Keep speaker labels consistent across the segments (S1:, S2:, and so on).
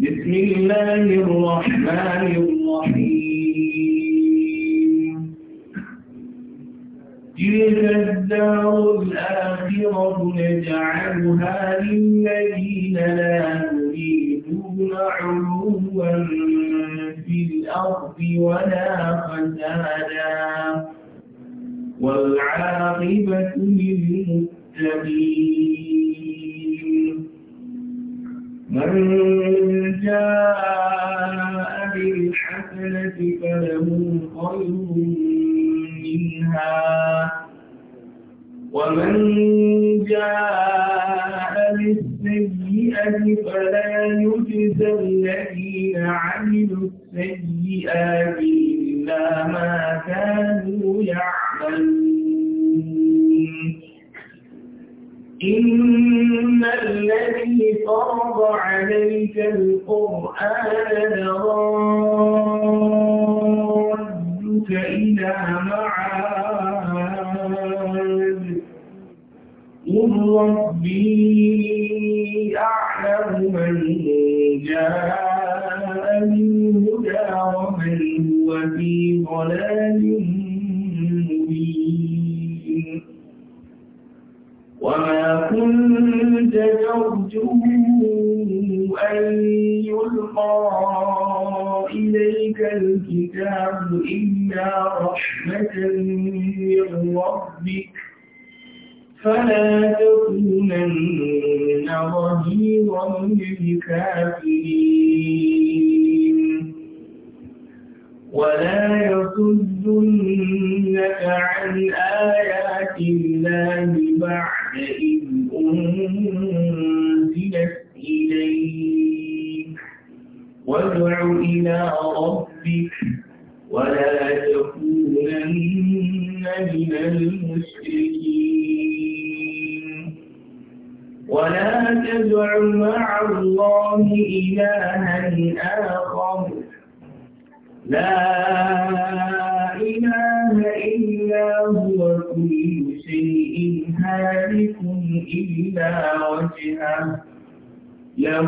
S1: بسم الله الرحمن
S2: الرحيم تلك الدار الآخرة نجعلها للذين لا يريدون علوا في الأرض ولا فسادا والعاقبة للمتقين من جاء بالحسنة فله خير منها ومن جاء بالسيئة فلا يجزى الذين عملوا السيئات إلا ما كانوا يعملون إن الذي فرض عليك القرآن لردك إلى معاد قل ربي أعلم من جاء بالهدى ومن هو في ضلال مبين وما كنت ترجو أن يلقى إليك الكتاب إلا رحمة من ربك فلا تكونن ظهيرا للكافرين ولا يصدنك عن آيات الله بعد إذ أنزلت إليك وادع إلى ربك ولا تكونن من المشركين ولا تدع مع الله إلها آخر لا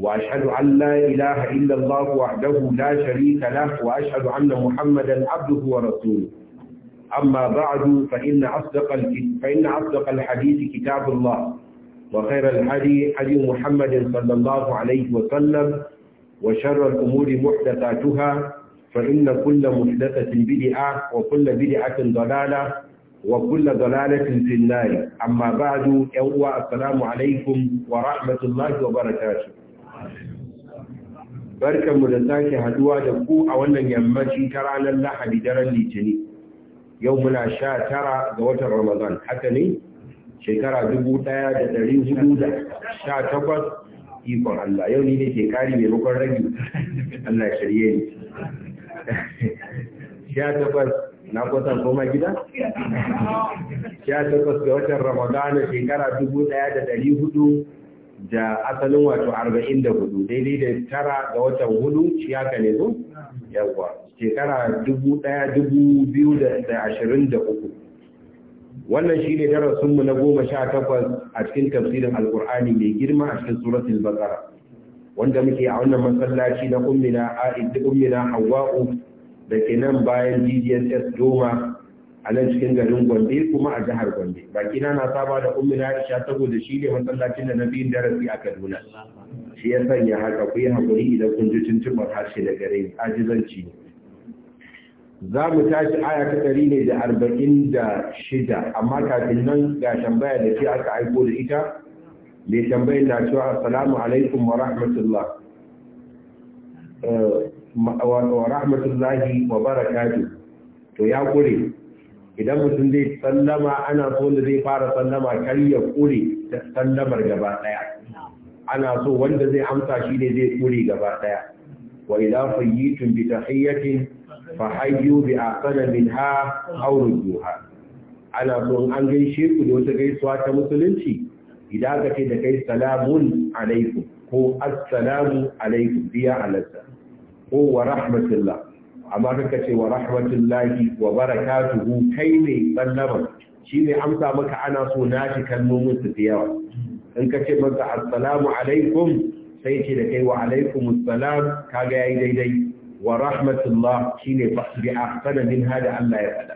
S3: وأشهد أن لا إله إلا الله وحده لا شريك له وأشهد أن محمدا عبده ورسوله أما بعد فإن أصدق فإن أصدق الحديث كتاب الله وخير الهدي حديث محمد صلى الله عليه وسلم وشر الأمور محدثاتها فإن كل محدثة بدعة وكل بدعة ضلالة وكل ضلالة في النار أما بعد يوم السلام عليكم ورحمة الله وبركاته barkanmu da sake haduwa da ku a wannan yammaci ta ranar lahadi daren litini yau muna sha tara ga watan ramadan haka ne shekara dubu ɗaya da ɗari hudu da sha takwas ikon allah yau ni ne ke kari maimakon ragi allah shirye ne. sha takwas na kusan koma gida sha takwas ga watan ramadan shekara dubu ɗaya da ɗari hudu da asalin wato 44 daidai da tara ga watan hudu shi haka ne zo yawwa shekara 1223 wannan shi ne darasinmu na goma sha takwas a cikin tafsirin alkur'ani mai girma a cikin suratul baqara wanda muke a wannan masallaci na ummina a'id ummina hawa'u da ke nan bayan GDSS Doma a nan cikin garin Gombe kuma a jihar Gombe. Bakina na na saba da ummi na Aisha saboda shi ne masallacin da na darasi a Kaduna. Shi ya sanya haka ku yi hakuri idan kun ji tuntuɓar harshe da gare ajizanci ne. Za mu tashi aya ta ɗari ne da arba'in da shida, amma kafin nan ga tambaya da shi aka aiko da ita, mai tambayin na cewa assalamu alaikum wa rahmatullah. Eh, wa rahmatullahi wa barakatuh to ya kure idan mutum zai sallama ana so da zai fara sallama kar ya kure da sallamar gaba daya ana so wanda zai amsa shi ne zai kure gaba daya wa idza fayyitum bi tahiyyatin fa hayyu bi aqala minha aw rudduha ana so an gaishe ku da wata gaisuwa ta musulunci idan ka ce da kai salamun alaikum ko assalamu alaikum biya alaikum ko wa rahmatullah amma kaka ce wa rahmatullahi wa barakatuhu kai ne sallama shi ne amsa maka ana so na shi kalmomin su yawa in ka ce maka assalamu alaikum sai ce da kai wa alaikum assalam kaga yayi daidai wa rahmatullah shi ne bi ahsana min hada Allah ya fada,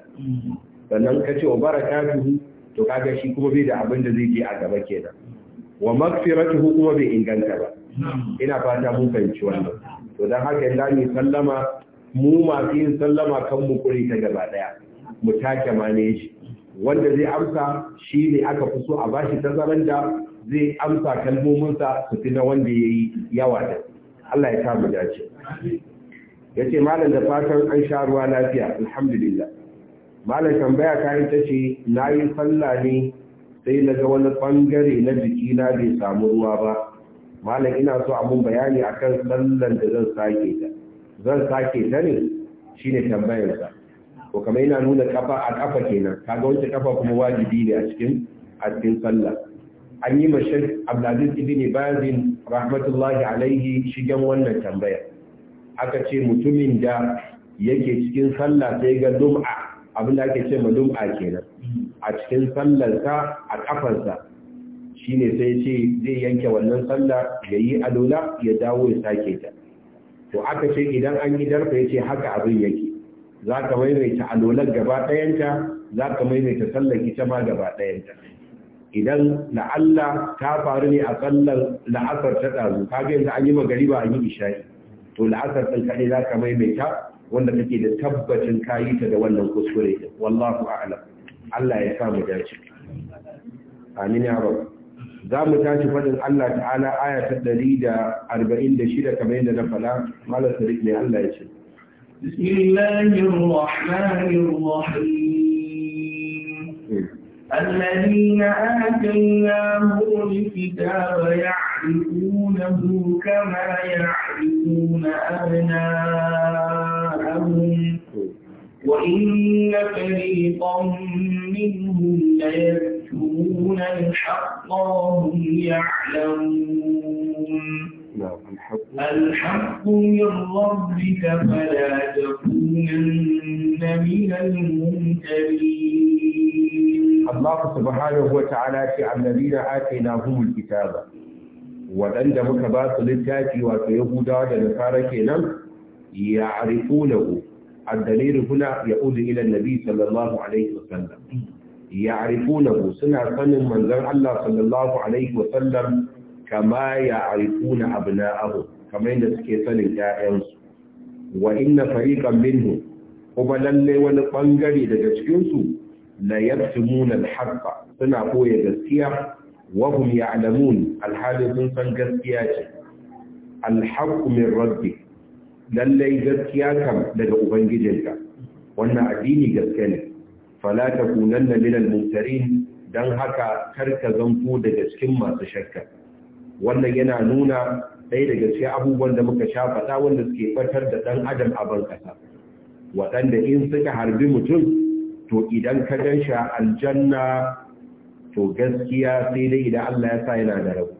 S3: sannan ka ce wa barakatuhu to kaga shi kuma bai da abin da zai je a gaba kenan wa magfiratuhu kuma bai inganta ba ina fata mun fahimci wannan to dan haka in da sallama mu masu yin sallama kan mu kure ta gaba daya mu take shi. wanda zai amsa shi ne aka fi so a bashi tazaran da zai amsa kalmominsa su fi na wanda ya yi yawa da Allah ya mu dace ya ce malam da fatan an sha ruwa lafiya alhamdulillah malam tambaya ta ita ce na yi sallah ne sai naga wani bangare na jikina bai samu ruwa ba malam ina so a mun bayani akan sallan da zan sake ta zan sake ta ne shine tambayarsa ko kama yana nuna kafa a kafa kenan kaga wancan kafa kuma wajibi ne a cikin addin sallah an yi mashin abdulaziz ibn bazin rahmatullahi alaihi shigen wannan tambaya aka ce mutumin da yake cikin sallah sai ga dum'a abin da ake ce ma dum'a kenan a cikin sallarsa a kafansa shine sai ce zai yanke wannan sallah ya yi alola ya dawo ya sake ta to aka ce idan an yi darfa ce haka abin yake za ka maimaita alolar gaba ɗayanta za ka maimaita sallar ita ma gaba ɗayanta idan la'alla ta faru ne a sallar la'asar ta ɗazu ka ga yanzu an yi magariba an yi isha'i to la'asar ɗin kaɗai za ka maimaita wanda take da tabbacin kayi ta da wannan kuskure wallahu a'lam Allah ya sa mu dace amin ya rabu za mu tashi faɗin Allah ta'ala aya ɗari da arba'in da shida kamar yadda na faɗa malar sadiq mai Allah ya ce.
S2: الذين آتيناهم الكتاب يعرفونه كما يعرفون أبناءهم وإن فريقا منهم الحق هم يعلمون
S3: نعم، الحق من
S2: ربك فلا تكونن من الممتدين
S3: الله سبحانه وتعالى في الذين آتيناهم الكتاب وعند مكبات للتاتي وفي يهودا لنفاركنا يعرفونه الدليل هنا يؤذي إلى النبي صلى الله عليه وسلم ya'rifunahu suna sanin manzon Allah sallallahu alaihi wa sallam kama ya'rifuna abna'ahum kamar yadda suke sanin ƴaƴansu wa inna fariqan minhum kuma lalle wani bangare daga cikin su la al-haqqa suna koya gaskiya wa hum ya'lamun al-hali sun san gaskiya ce al-haqqu min rabbik lalle gaskiya kam daga ubangijinka wannan addini gaskiya ne fala takunanna minal mumtarin don haka karka zanto daga cikin masu shakka wannan yana nuna ɗaya daga cikin abubuwan da muka sha fata wanda suke fatar da ɗan adam a ban ƙasa waɗanda in suka harbi mutum to idan ka gan shi aljanna to gaskiya sai dai idan Allah ya sa yana da rabu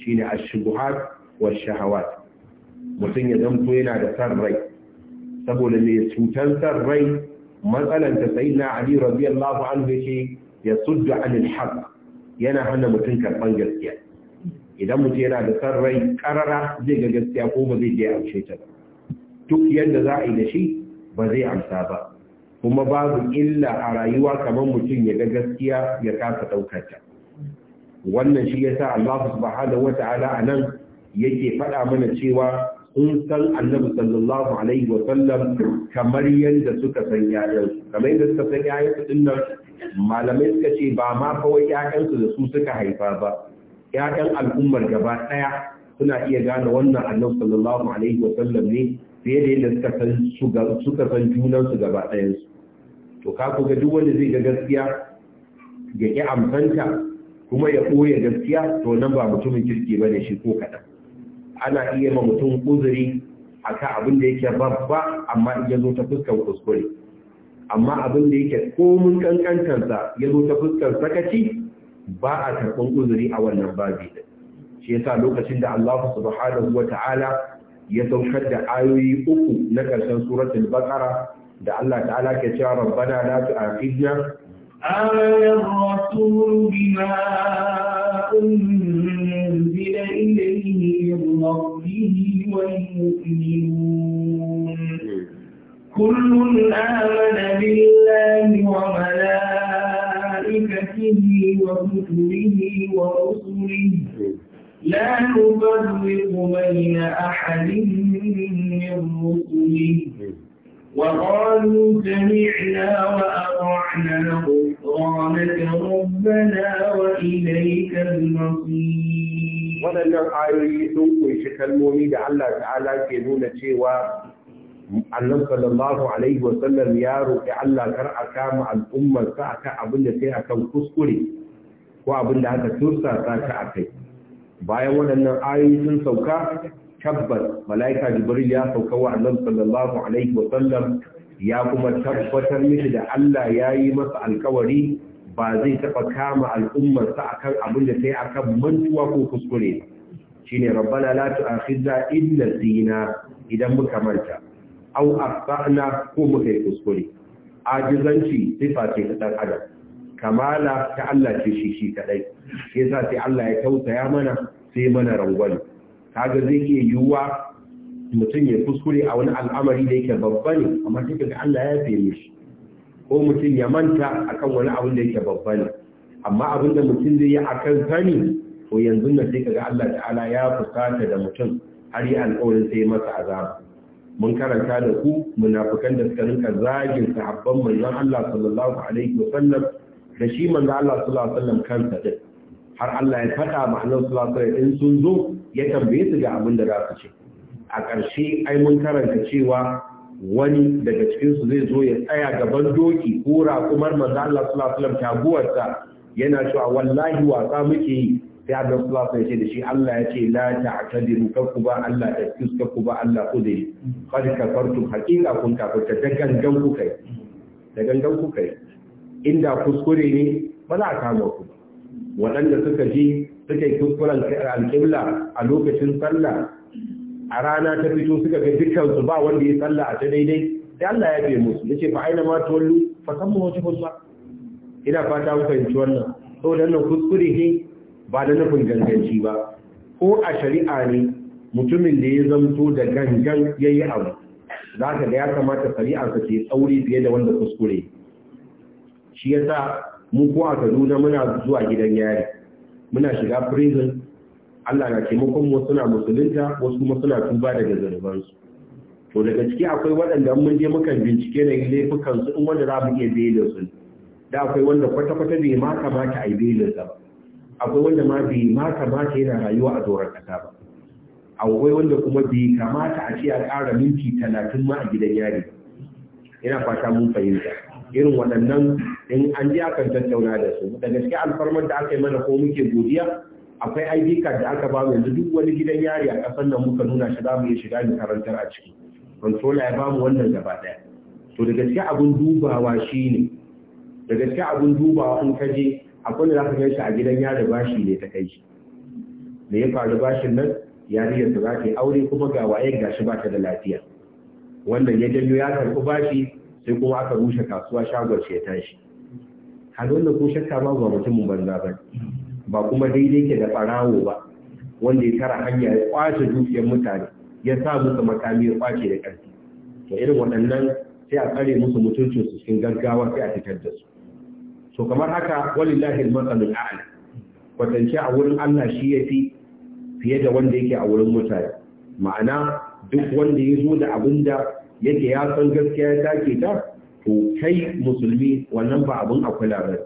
S3: shine ash-shubuhat wash-shahawat mutum ya zanto yana da san rai saboda mai cutar san rai matsalan ta sai na ali radiyallahu anhu yace ya suddu anil Haq yana hana mutum karban gaskiya idan mutum yana da san rai karara zai ga gaskiya ko ba zai je amshe ta duk yadda za a yi da shi ba zai amsa ba kuma babu illa a rayuwa kamar mutum ya ga gaskiya ya kasa ɗaukar ta wannan shi yasa Allah subhanahu wata'ala anan yake faɗa mana cewa sun san annabi sallallahu alaihi wa sallam kamar yadda suka san yayan kamar yadda suka san yayan su din nan malamai suka ce ba ma kawai yayan su da su suka haifa ba yayan al'ummar gaba daya suna iya gane wannan annabi sallallahu alaihi wa sallam ne fiye da yadda suka san suka san junan su gaba ɗayan su to ka ga duk wanda zai ga gaskiya ya ki amsanta kuma ya koya gaskiya to nan ba mutumin kirki bane shi ko kaɗan ana iya ma mutum uzuri ka abin da yake babba amma in zo ta fuskar kuskure amma abin da yake komin kankantarsa ya zo ta fuskar sakaci ba a karɓar uzuri a wannan babi da shi yasa lokacin da Allah subhanahu wa ta'ala ya saukar da ayoyi uku na ƙarshen suratul baqara da Allah ta'ala ke cewa rabbana la tu'akhidna آمن
S2: الرسول بما أنزل إليه ربه والمؤمنون كل آمن بالله وملائكته وكتبه ورسله لا نفرق بين أحد من رسله وقالوا سمعنا وأطعنا غفرانك ربنا
S3: وإليك المصير waɗannan ayoyi sun kunshi kalmomi da Allah ta'ala ke nuna cewa annan sallallahu alaihi wasallam ya roƙi Allah kar a kama al'ummarsa akan abin da sai akan kuskure ko abin da aka tursa ta akai. bayan waɗannan ayoyi sun sauka tabbas malaika jibril ya sauka wa annan sallallahu alaihi wasallam ya kuma tabbatar miki da Allah ya yi masa alkawari ba zai taɓa kama al'ummarsa akan abin da ta yi kan mantuwa ko kuskure shine rabbana a tu'akhidna in nasina idan muka manta aw akhtana ko muka yi kuskure ajizanci sifa ce ta adam kamala ta Allah ce shi shi kadai sai sa sai Allah ya tausaya mana sai mana rangwani kaga zai iya yiwuwa mutum ya kuskure a wani al'amari da yake babba ne amma sai Allah ya fiye mishi ko mutum ya manta akan wani abin da yake babba ne amma abin da mutum zai yi akan sani Ko yanzu na sai kaga Allah ta'ala ya fusata da mutum har yi alƙawarin sai masa azaba mun karanta da ku munafikan da suka rinka zagin sahabban manzon Allah sallallahu alaihi wasallam da shi manzon Allah sallallahu alaihi wasallam kansa din har Allah ya faɗa ma Allah sallallahu alaihi sun zo ya tambaye su ga abin da za su ce a ƙarshe ai mun karanta cewa wani daga cikinsu zai zo ya tsaya gaban doki ko raƙumar manzo Allah sallallahu alaihi wasallam taguwarsa yana cewa wallahi wasa muke yi sai Allah sallallahu alaihi wasallam da shi Allah ya ce la ta'tadiru kakku ba Allah da ku ba Allah kudai qad kafartum haqiqa kun kafarta da gangan ku kai da gangan ku kai inda kuskure ne ba za a kama ku waɗanda suka ji suka yi kuskuren alƙibla a lokacin sallah a rana ta fito suka ga dukkansu ba wanda ya salla a ta daidai da Allah ya bai musu yace fa aina ma tawallu fa mu wajhu ba." ina fata mun fahimci wannan to dan nan kuskure ne ba da nufin ganganci ba ko a shari'a ne mutumin da ya zanto da gangan yayi abu zaka ga ya kamata shari'a ta ce tsauri fiye da wanda kuskure shi yasa mu ko a Kaduna muna zuwa gidan yari muna shiga prison Allah na taimakon wasu na musulunta wasu kuma suna tuba daga zunubansu to daga ciki akwai waɗanda mun je mukan bincike na laifukan su in wanda za mu iya belin su da akwai wanda kwata-kwata bai ma kamata a yi belin sa ba akwai wanda ma bai ma kamata yana rayuwa a doron kasa ba akwai wanda kuma bai kamata a ce a ƙara minti talatin ma a gidan yari ina fata mun fahimta irin waɗannan in an ji akan tattauna da su Daga cikin alfarmar da aka yi mana ko muke godiya akwai ID card da aka ba yanzu duk wani gidan yari a kasar nan muka nuna shi za mu iya shiga mu karantar a ciki controller ya bamu wannan gaba daya to da gaske abun dubawa shine da gaske abun dubawa in ka je akwai da zaka ka kai shi a gidan yari bashi ne ta kai shi me ya faru bashin nan yari ya za ta aure kuma ga waye shi ba ta da lafiya wannan ya janyo ya karɓi bashi sai kuma aka rushe kasuwa shagon shi ya tashi halin da ko shakka ba ba mutumin banza ba ba kuma daidai ke da farawo ba wanda ya tara hanya ya kwace dukiyar mutane ya sa musu makami ya kwace da ƙarfi to irin waɗannan sai a tsare musu mutuncin su cikin gaggawa sai a fitar da su to kamar haka walillahi al-matsalul a'la kwatance a wurin Allah shi yafi fiye da wanda yake a wurin mutane ma'ana duk wanda ya zo da abin da yake ya san gaskiya ya take ta to kai musulmi wannan ba abin a kula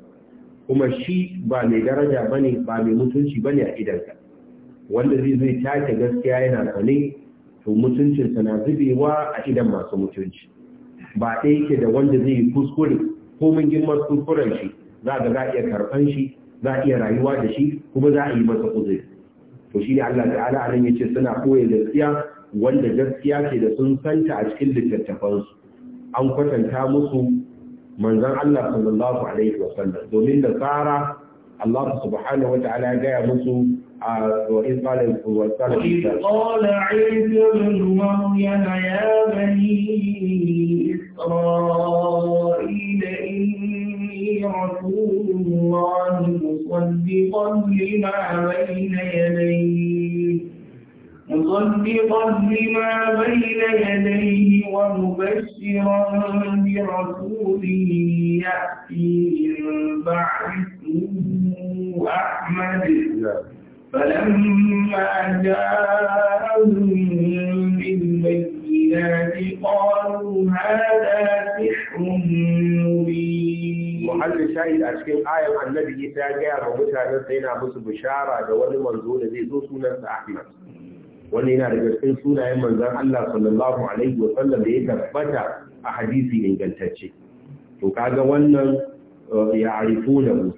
S3: kuma shi ba mai daraja bane ba mai mutunci bane a idanka wanda zai zai take gaskiya yana sane to mutuncinsa na zubewa a idan masu mutunci ba ɗaya yake da wanda zai yi kuskure ko mun girman kuskuren shi za ga za a iya karɓan shi za a iya rayuwa da shi kuma za a yi masa kuzuri to shi ne Allah ta'ala a nan yace suna koyar gaskiya wanda gaskiya ce da sun santa a cikin littattafansu an kwatanta musu manzon Allah sallallahu alaihi wasallam domin da tsara Allah subhanahu wataala ya gaya musu a قال وإذ قال
S2: عيسى رسول الله مصدقا لما بين مصدقا مَا بين يديه ومبشرا برسول يأتي من بعد اسمه أحمد نعم. فلما جاءهم بالبينات قالوا هذا سحر
S3: مبين. وحل شاهد أشكال آية عن النبي يتاجع ومتى نسينا بس بشارة ومن منزول ذي ذو سنة أحمد. wanda yana da cikin sunayen manzon Allah sallallahu alaihi wa da ya tabbata a hadisi ingantacce to kaga wannan eh, ya da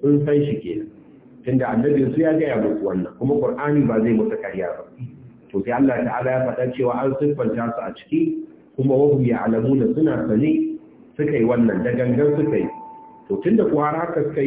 S3: sun san shi kenan tunda annabi su ya gaya wannan kuma qur'ani ba zai musu kariya ba to sai Allah ta'ala ya faɗa cewa an siffanta su a ciki kuma wahu ya alamu da suna sane suka yi wannan da gangan suka yi to tunda kuwa haka suka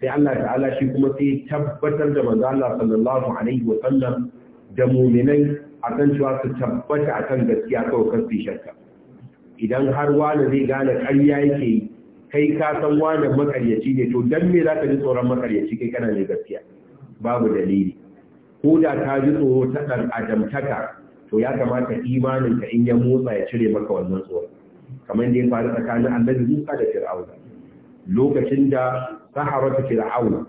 S3: sai Allah ta'ala shi kuma sai tabbatar da manzo Allah sallallahu alaihi wa sallam da muminai a kan cewa su tabbata a kan gaskiya kawai kan su idan har wani zai gane karya yake yi kai ka san wani makaryaci ne to dan me za ka ji tsoron makaryaci kai kana ne gaskiya babu dalili ko da ka ji tsoro ta ɗan adamtaka to ya kamata imanin ka in ya motsa ya cire maka wannan tsoron. kamar yadda ya faru tsakanin annabi Musa da Fir'auna lokacin da sahara ta Fir'auna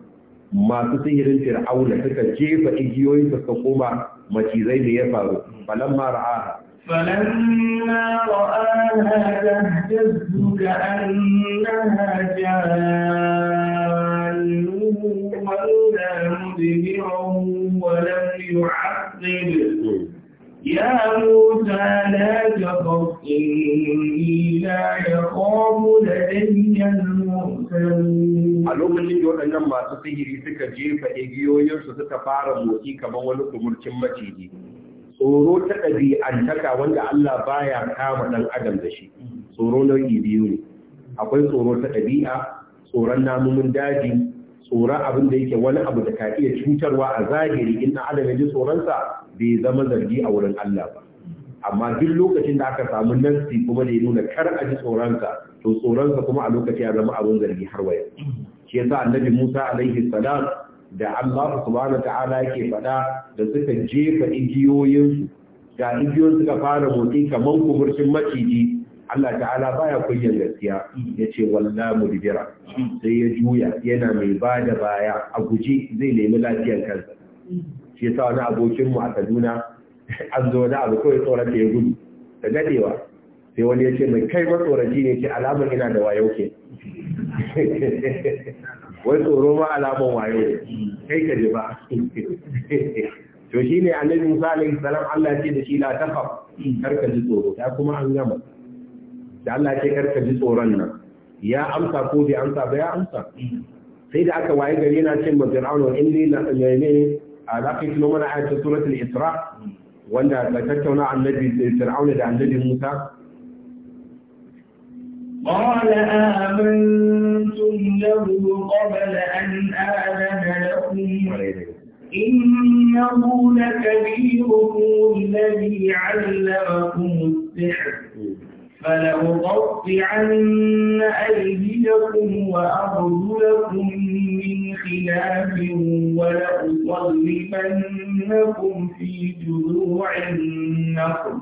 S3: masu sun yi sihirin fir'auna suka jefa igiyoyin su koma macizai da ya faru falamma ra'aha
S2: فلما رآها تهتز كأنها جان ولا مدبرا ولم يعقب يا موسى لا تخف إني لا يخاف لدي
S3: waɗannan masu sihiri suka jefa igiyoyinsu suka fara motsi kamar wani kumurcin maciji tsoro ta ɗabi'antaka wanda Allah baya kama ɗan adam da shi tsoro nau'i biyu ne akwai tsoro ta ɗabi'a tsoron namumin daji tsoron abin da yake wani abu da ka iya cutarwa a zahiri in na adam ya ji tsoronsa bai zama zargi a wurin Allah ba amma duk lokacin da aka samu nasi kuma da ya nuna kar a ji tsoronsa to tsoronsa kuma a lokaci ya zama abin zargi har waya shi yasa annabi Musa alaihi salam da Allah subhanahu ta'ala yake faɗa da suka jefa igiyoyinsu da igiyoyin suka fara motsi kamar kuburcin maciji Allah ta'ala baya kunyan gaskiya yace ce walla mudbira sai ya juya yana mai bada baya a guji zai nemi lafiyar kansa shi yasa wani abokin mu a Kaduna an zo da abu kawai tsorata ya gudu da gadewa sai wani yace mai kai tsoraci ne ce alamar ina da wayo wai tsoro ba alamun wayo kai ka ji ba to shi ne annabi musa alaihi salam Allah ce da shi la taqaf kar ka ji tsoro ta kuma an gama da Allah ce kar ka ji tsoron nan ya amsa ko bai amsa ba ya amsa sai da aka waye gari yana cin mazir'aun wa inni la ne a laqitu mana ayatu suratul isra wanda ta tattauna annabi fir'auna da annabi musa
S2: قال آمنتم له قبل أن آذن لكم إنه لكبيركم الذي علمكم السحر فلأقطعن أيديكم وأرجلكم من خلاف ولأصلبنكم في جذوع النخل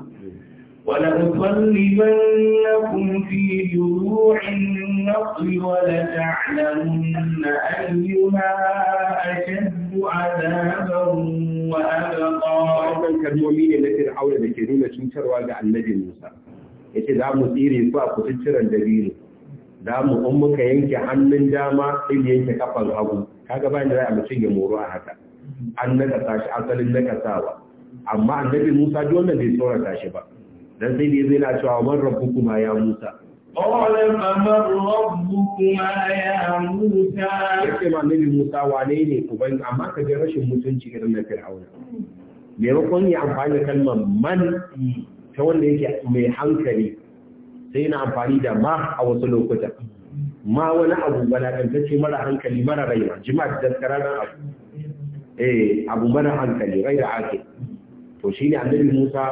S2: ولأطلبنكم في جروع النقل ولتعلمن أيها أشد عذابا وأبقى رب
S3: الكرمومين التي رحولة الكريمة شمتر واقع النجي الموسى يتي دا مصيري فاق ستر الدبيل دا مهمك ينكي عن من جامع إذ ينكي كفر هبو هذا بين رأي مشي مروعة هذا أنك تاش أصل أنك ساوى أما النبي موسى جونا دي صورة تاشبه dan sai ne zai na cewa man kuma ya Musa
S2: قال kuma ya يا Ya ce
S3: ma nabi Musa wane ne uban amma ka ga rashin mutunci irin na Fir'auna maimakon ya amfani da kalmar man ta wanda yake mai hankali sai na amfani da ma a wasu lokutan. ma wani abu balagantacce mara hankali mara raina jima'a da tsararren abu eh abu mara hankali rai da ake to shi ne annabi Musa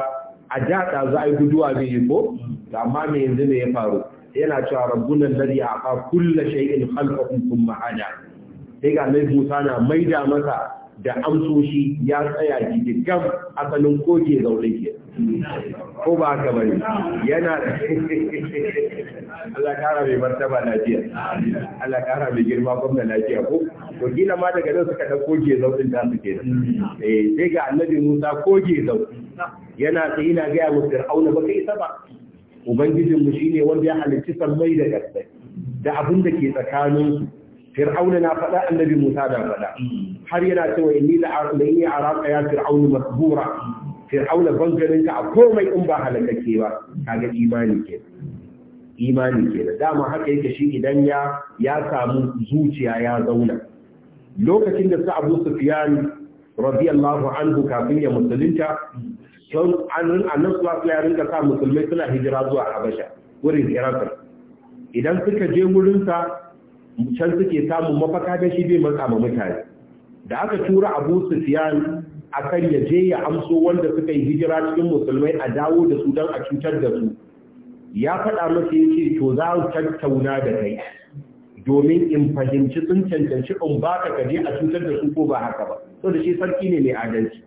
S3: a da a yi guduwa bai yi ko amma mai yanzu ne ya faru yana cewa rabbunan lari a fa kulla shay'in khalqakum thumma hada sai ga Nabi Musa na maida masa da amsoshi ya tsaya gidigam asalin koke zaune ke ko ba ka bari yana Allah kara mai martaba lafiya Allah kara mai girma gwamna lafiya ko Ko kila ma daga nan suka da koke zaune da su ke mm. eh sai ga Annabi Musa koke zaune yana tsina na gaya wa fir'auna ba kai ba ubangijin mu shine wanda ya halicci sammai da ƙasa da abin da ke tsakanin fir'auna na faɗa annabi musa da faɗa har yana cewa inni la inni araka ya fir'auna masbura fir'auna ganin ka a komai in ba halakake ba kaga imani ke imani ke da dama haka yake shi idan ya ya samu zuciya ya zauna lokacin da su abu sufyan radiyallahu anhu kafin ya musulunta an nan, suwa su yarin ka sa musulmai suna hijira zuwa habasha wurin iraqar idan suka je wurinsa can suke samun mafaka da shi bai matsa ma mutane da aka tura abu sufiyan a kan ya je ya amso wanda suka yi hijira cikin musulmai a dawo da su don a cutar da su ya faɗa masa ya ce to za mu tattauna da kai domin in fahimci sun cancanci in ba ka kaje a cutar da su ko ba haka ba so da shi sarki ne mai adalci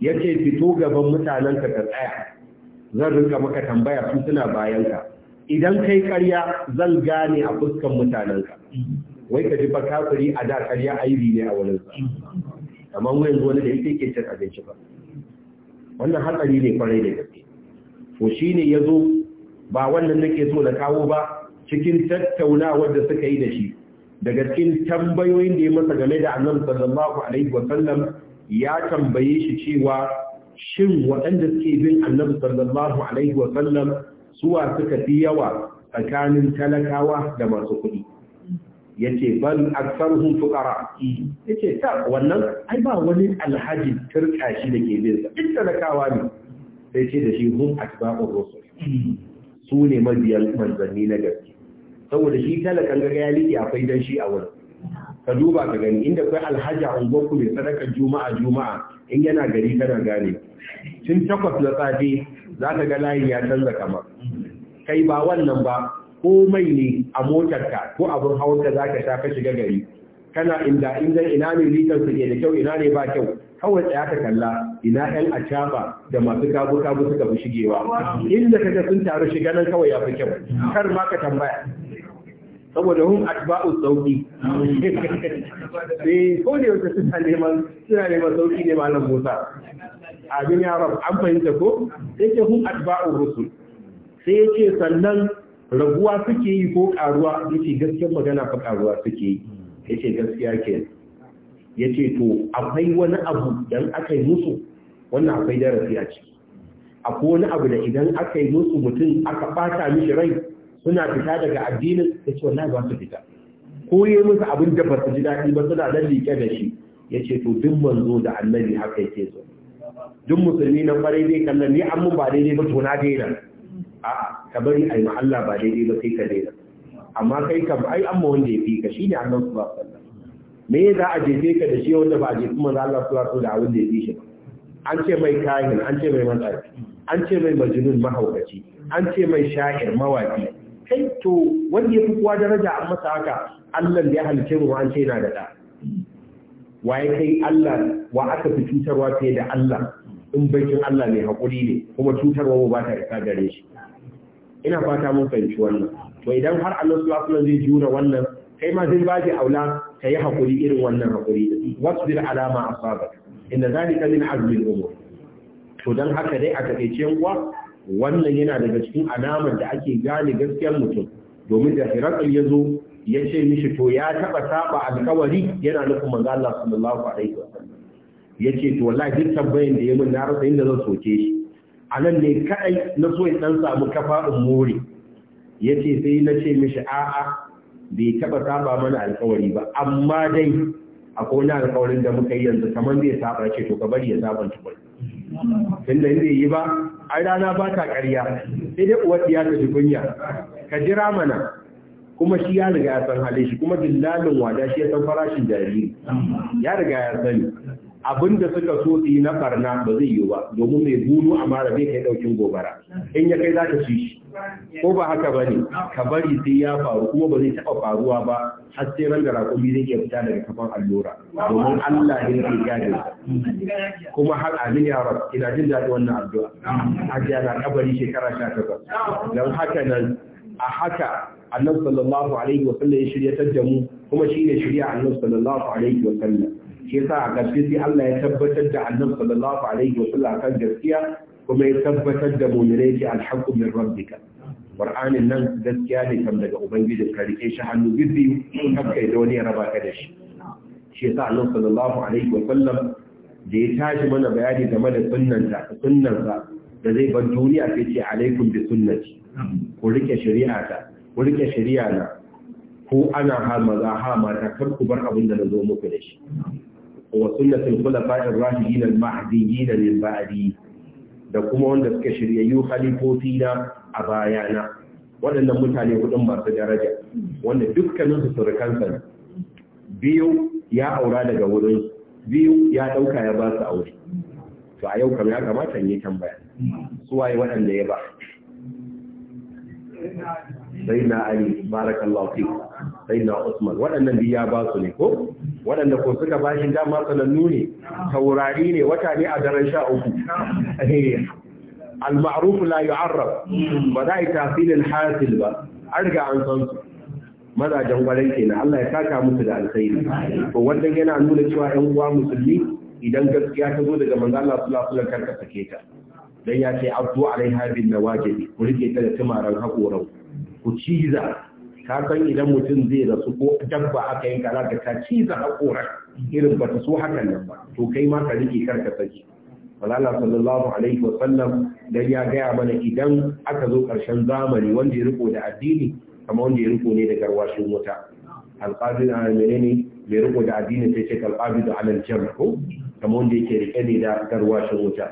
S3: ya ce fito gaban mutanen ka tsaya zan rinka maka tambaya su suna bayan ka idan kai karya zan gane a fuskan mutanen wai ka ji fa a da karya aibi ne a wurin sa kamar yanzu wani da yake ke cin abinci ba wannan hatsari ne kwarai da gaske to shine yazo ba wannan nake so na kawo ba cikin tattaunawar da suka yi da shi daga cikin tambayoyin da ya masa game da annabi sallallahu alaihi wa ya tambaye shi cewa shin waɗanda suke bin annabi sallallahu alaihi wa suwa suka fi yawa tsakanin talakawa da masu kuɗi Ya ce, ban yace bal aktsaruhum Ya ce ta wannan ai ba wani alhaji turka shi da ke bin sa duk talakawa ne sai ce da shi hum atba'ur rusul su ne mabiyan manzanni na gaske saboda shi talakan gaga ya liƙe akwai dan shi a wani. ka duba ka gani inda kai alhaji a unguwarku mai sadaka juma'a juma'a in yana gari kana gane tun takwas na safe za ka ga layin ya canza kamar kai ba wannan ba komai ne a motarka ko abin hawanka za ka sha ka shiga gari kana inda zan ina ne litar su da kyau ina ne ba kyau kawai tsaya ka kalla ina ɗan caba da masu kabu kabu suka fi shigewa inda kaga sun taru shiga nan kawai ya fi kyau kar ma ka tambaya saboda hun atba'u sauki sai eh, ko da yau suna neman suna neman sauki ne malam Musa abin ya rab an fahimta ko sai ce hun atba'u rusul sai ya ce sannan raguwa suke yi ko karuwa yace gaskiyar magana fa karuwa suke yi yace gaskiya ke yace to akwai wani abu dan aka yi musu wannan akwai darasi a ciki akwai wani abu da idan aka yi musu mutum aka bata mishi rai suna fita daga addinin ya ce wannan ba su fita ko yi musu abin da ba su ji daɗi ba suna nan liƙe da shi ya ce to duk manzo da annabi haka yake so duk musulmi na kwarai zai kalla ni an mun ba daidai ba to na daina a ka bari ai mahalla ba daidai ba sai ka daina amma kai ka ai an ma wanda ya fi ka shine Allah subhanahu wa ta'ala me za a jefe ka da shi wanda ba a jefe manzo Allah subhanahu wa da abin da ya fi shi an ce mai kayan, an ce mai matsayi an ce mai majinin mahaukaci an ce mai sha'ir mawaki kai to wanda ya fi kuwa daraja an masa haka Allah da ya halice mu an ce yana da da waye kai Allah wa aka fi cutarwa fiye da Allah in bakin Allah mai hakuri ne kuma cutarwa ba ta isa gare shi ina fata mun fahimci wannan to idan har Allah subhanahu wa zai jura wannan kai ma zai baje aula yi hakuri irin wannan hakuri wasbir alama asabak inna zalika min azmi umur to dan haka dai a takeice uwa wannan yana daga cikin alamar da ake gane gaskiyar mutum domin da hirakul ya zo ya ce mishi to ya taba saba alkawari yana nufin manzo Allah sallallahu alaihi wasallam ya ce to wallahi duk tabbayin da ya mun na rasa inda zan soke shi a nan ne kadai na so in dan samu kafa in more ya ce sai na ce mishi a'a bai taba saba mana alkawari ba amma dai akwai wani alkawarin da muka yi yanzu kamar zai saba ce to ka bari ya saba tukur
S1: tun
S3: in zai yi ba a rana ba ta ƙarya sai dai uwar ya ta kunya ka jira mana kuma shi ya riga ya san halin shi kuma dillalin wada shi ya san farashin jariri ya riga ya sani abin da suka so su yi na barna ba zai yi ba domin mai bunu a mara zai kai ɗaukin gobara in ya kai za ka ci shi ko ba haka ba ne ka bari sai ya faru kuma ba zai taɓa faruwa ba har sai ran da rakumi zai iya fita daga kafan allura domin Allah ne yake gane kuma har amin ya rab ina jin daɗi wannan addu'a hajiya na kabari shekara sha 18 don haka nan a haka annabi sallallahu alaihi wa sallam ya shirya da mu kuma ne shirya annabi sallallahu alaihi wa sallam shi yasa a gaske sai Allah ya tabbatar da annabi sallallahu alaihi wa sallam kan gaskiya kuma ya tabbatar da mu'minai ki alhaqqu min rabbika qur'anin nan gaskiya ne kan daga ubangiji ka rike shi hannu bibbiyu kakkai da wani ya raba ka da shi shi yasa Allah sallallahu alaihi wa sallam da ya tashi mana bayani game da sunnanta sunnansa da zai bar duniya sai ce alaikum bi sunnati ku rike shari'ata ku rike shari'a na ko ana ha maza ha mata kar ku bar abin da na zo muku da shi wa sunnatul khulafa'ir rashidin al-mahdiyyin min ba'di da kuma wanda suka shirya yi halifofi na a bayana waɗannan mutane hudun masu daraja wanda dukkanin su surukansa ne biyu ya aura daga wurin biyu ya ɗauka ya ba su aure to a yau kam ya kamata yi tambaya su waye waɗanda ya ba sai ali barakallahu fi sai usman waɗannan bi ya ba su ne ko waɗanda ko suka ba shi dama sanannu ne taurari ne wata ne a daren sha uku eh, al-ma'ruf la yu'arraf ba za a yi tasirin hasil ba an riga an san su mazajen gwaran kenan Allah ya saka musu da alkhairi to wannan yana nuna cewa ɗan uwa musulmi idan gaskiya ta zo daga manzo Allah sallallahu alaihi wasallam karka sake ta dan ya ce abdu alaiha bin nawajibi ku rike ta da tumaran hakoran ku ciza ka san idan mutum zai rasu ko dabba aka kala da ka ta ciza haƙoran irin ba ta so hakan nan ba to kai ma ka rike karka saki Malala sallallahu alaihi wa sallam dan ya gaya mana idan aka zo ƙarshen zamani wanda ya riko da addini kamar wanda ya riko ne da garwashin wuta alqabil a ah, ne mai riko da addini sai ce kalqabil da alal ko kamar wanda yake rike ne da garwashin wuta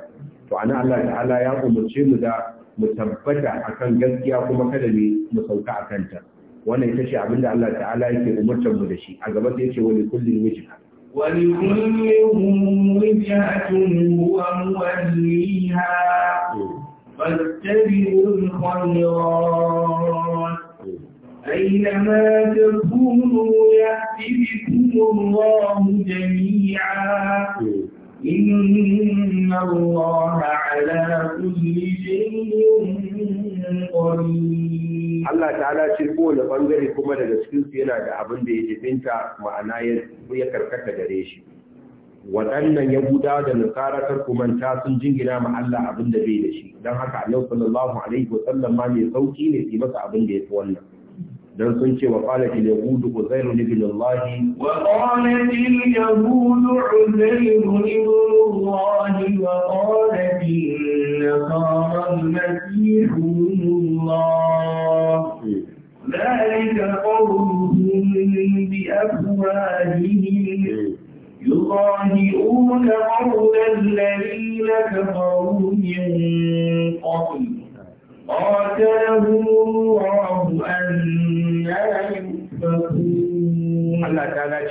S3: to ana Allah ta'ala ya umurce mu da mu tabbata akan gaskiya kuma kada ne mu sauka a kanta wannan ita ce abinda Allah ta'ala yake umurtar mu da shi a gaba sai yace wani kullin wajha
S2: wani kullin wajhatun huwa muwalliha fastabiqul khayrat أينما تكونوا يأتي بكم الله جميعا إن الله
S3: على
S2: كل شيء قدير
S3: Allah ta'ala ce kowane bangare kuma daga cikin su yana da abin da ya jibinta ma'ana ya karkata gare shi. Waɗannan ya guda da nasaratar kumanta sun jingina ma Allah abin da bai da shi, don haka Allah sallallahu Alaihi wasallam ma mai sauki ne su masa abin da ya fi wannan. don sun ce wa ƙwalar il yahudu uzairu ne bin Allahi
S2: wa ƙwalar il yahudu uzairu ne bin Allahi wa ƙwalar il nasarar masihu Allah ذلك قولهم بأفواههم يضاهئون قول الذين كفروا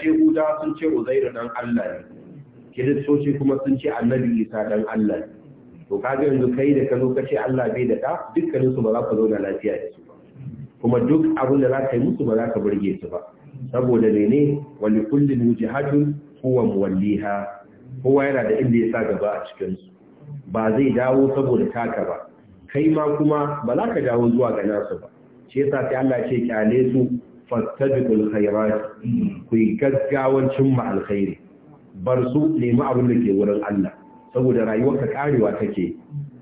S3: yahuda sun ce uzairu dan Allah ne kiristoci kuma sun ce annabi isa dan Allah ne to kaga yanzu kai da ka zo ka ce Allah bai da ka dukkanin su ba za ka zo da lafiya da su ba kuma duk abin da za ka yi musu ba za ka burge su ba saboda mene wani kullum wujihatun huwa muwalliha kowa yana da inda ya sa gaba a cikin su ba zai dawo saboda taka ba kai ma kuma ba za ka dawo zuwa ga nasu ba shi yasa sai Allah ce kyale su fastabiqul khairat ku gaggawan cimma alkhairi Barsu, su nemi abin da ke wurin Allah saboda rayuwar rayuwarka karewa take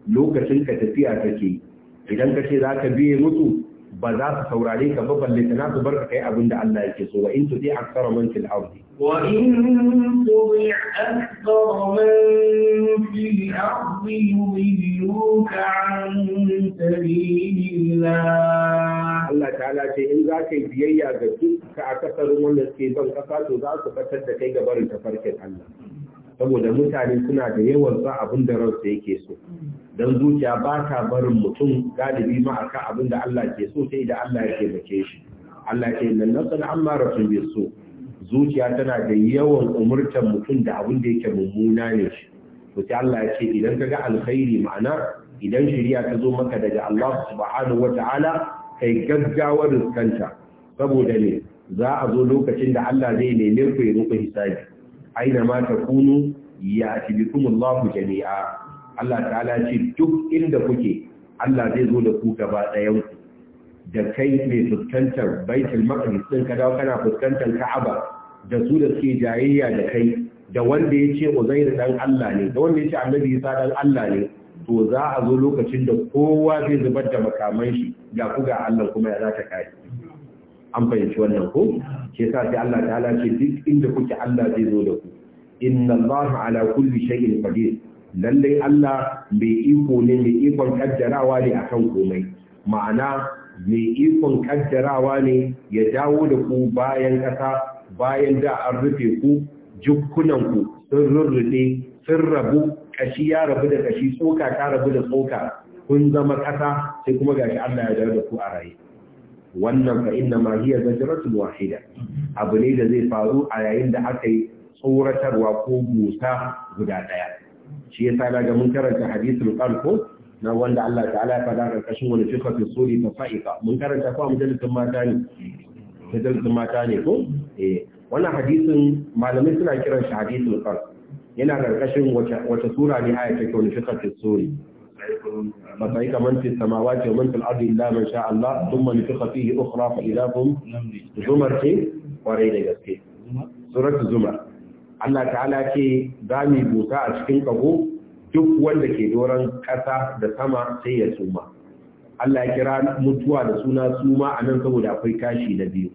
S3: lokacin ka tafiya take idan ka ce ka biya mutu. ba za su saurare ka ba balle ta nasu bar kai abin da Allah yake so wa in tudi aksara man fil ardi
S2: wa in tudi aksara man fil ardi
S3: yudilluka an sabilillah Allah ta'ala ce in za ka yi biyayya ga duk ka akasarin wanda suke ban kasa to za su fatar da kai ga barin tafarkin Allah saboda mutane suna da yawan sa abin da ransa yake so don zuciya ba ta barin mutum galibi ma abun abin da Allah ke so sai da Allah ya taimake shi Allah ke nan nasan amma rasul bi so zuciya tana da yawan umurtar mutum da abin da yake mummuna ne shi to sai Allah ya ce idan ka ga alkhairi ma'ana idan shari'a ta zo maka daga Allah subhanahu wata'ala kai gaggawar kanta saboda ne za a zo lokacin da Allah zai neme ku ya muku hisabi aina ma ya ya'ti bikumullahu jami'a Allah ta'ala ce duk inda kuke Allah zai zo da ku gaba ɗayan ku da kai mai fuskantar baitul maqdis din ka dawo kana fuskantar Ka'aba da su da suke jayayya da kai da wanda ya ce Uzair dan Allah ne da wanda ya ce Annabi Isa dan Allah ne to za a zo lokacin da kowa zai zubar da makaman shi ga ku ga Allah kuma ya zata ta kai an fahimci wannan ko Ke sa sai Allah ta'ala ce duk inda kuke Allah zai zo da ku inna Allah ala kulli shay'in qadir lallai Allah mai iko ne mai ikon kaddarawa ne akan komai ma'ana mai ikon kaddarawa ne ya dawo da ku bayan ƙasa bayan da an rufe ku ku sun rurrufe sun rabu kashi ya rabu da kashi tsoka ta rabu da tsoka kun zama ƙasa sai kuma gashi Allah ya dawo da ku a raye wannan fa inna ma hiya zajratun wahida abu ne da zai faru a yayin da aka yi tsoratarwa ko musa guda daya shi ya na ga mun karanta hadisul qalqo na wanda Allah ta'ala ya fada karkashin wani fiqa fi suri ta fa'ika mun karanta ko majalisin mata ne majalisin mata ne ko eh wannan hadisin malamai suna kiran shi hadisul qalqo yana karkashin wata sura ne aya take wani fiqa fi suri فتعيك من في السماوات ومن في الأرض إلا من شاء الله ثم نفخ فيه أخرى فإذا هم زمر في ورين يسكي سورة زمر Allah ta'ala ce za mu busa a cikin kago duk wanda ke doron ƙasa da sama sai ya suma Allah ya kira mutuwa da suna suma a nan saboda akwai tashi na biyu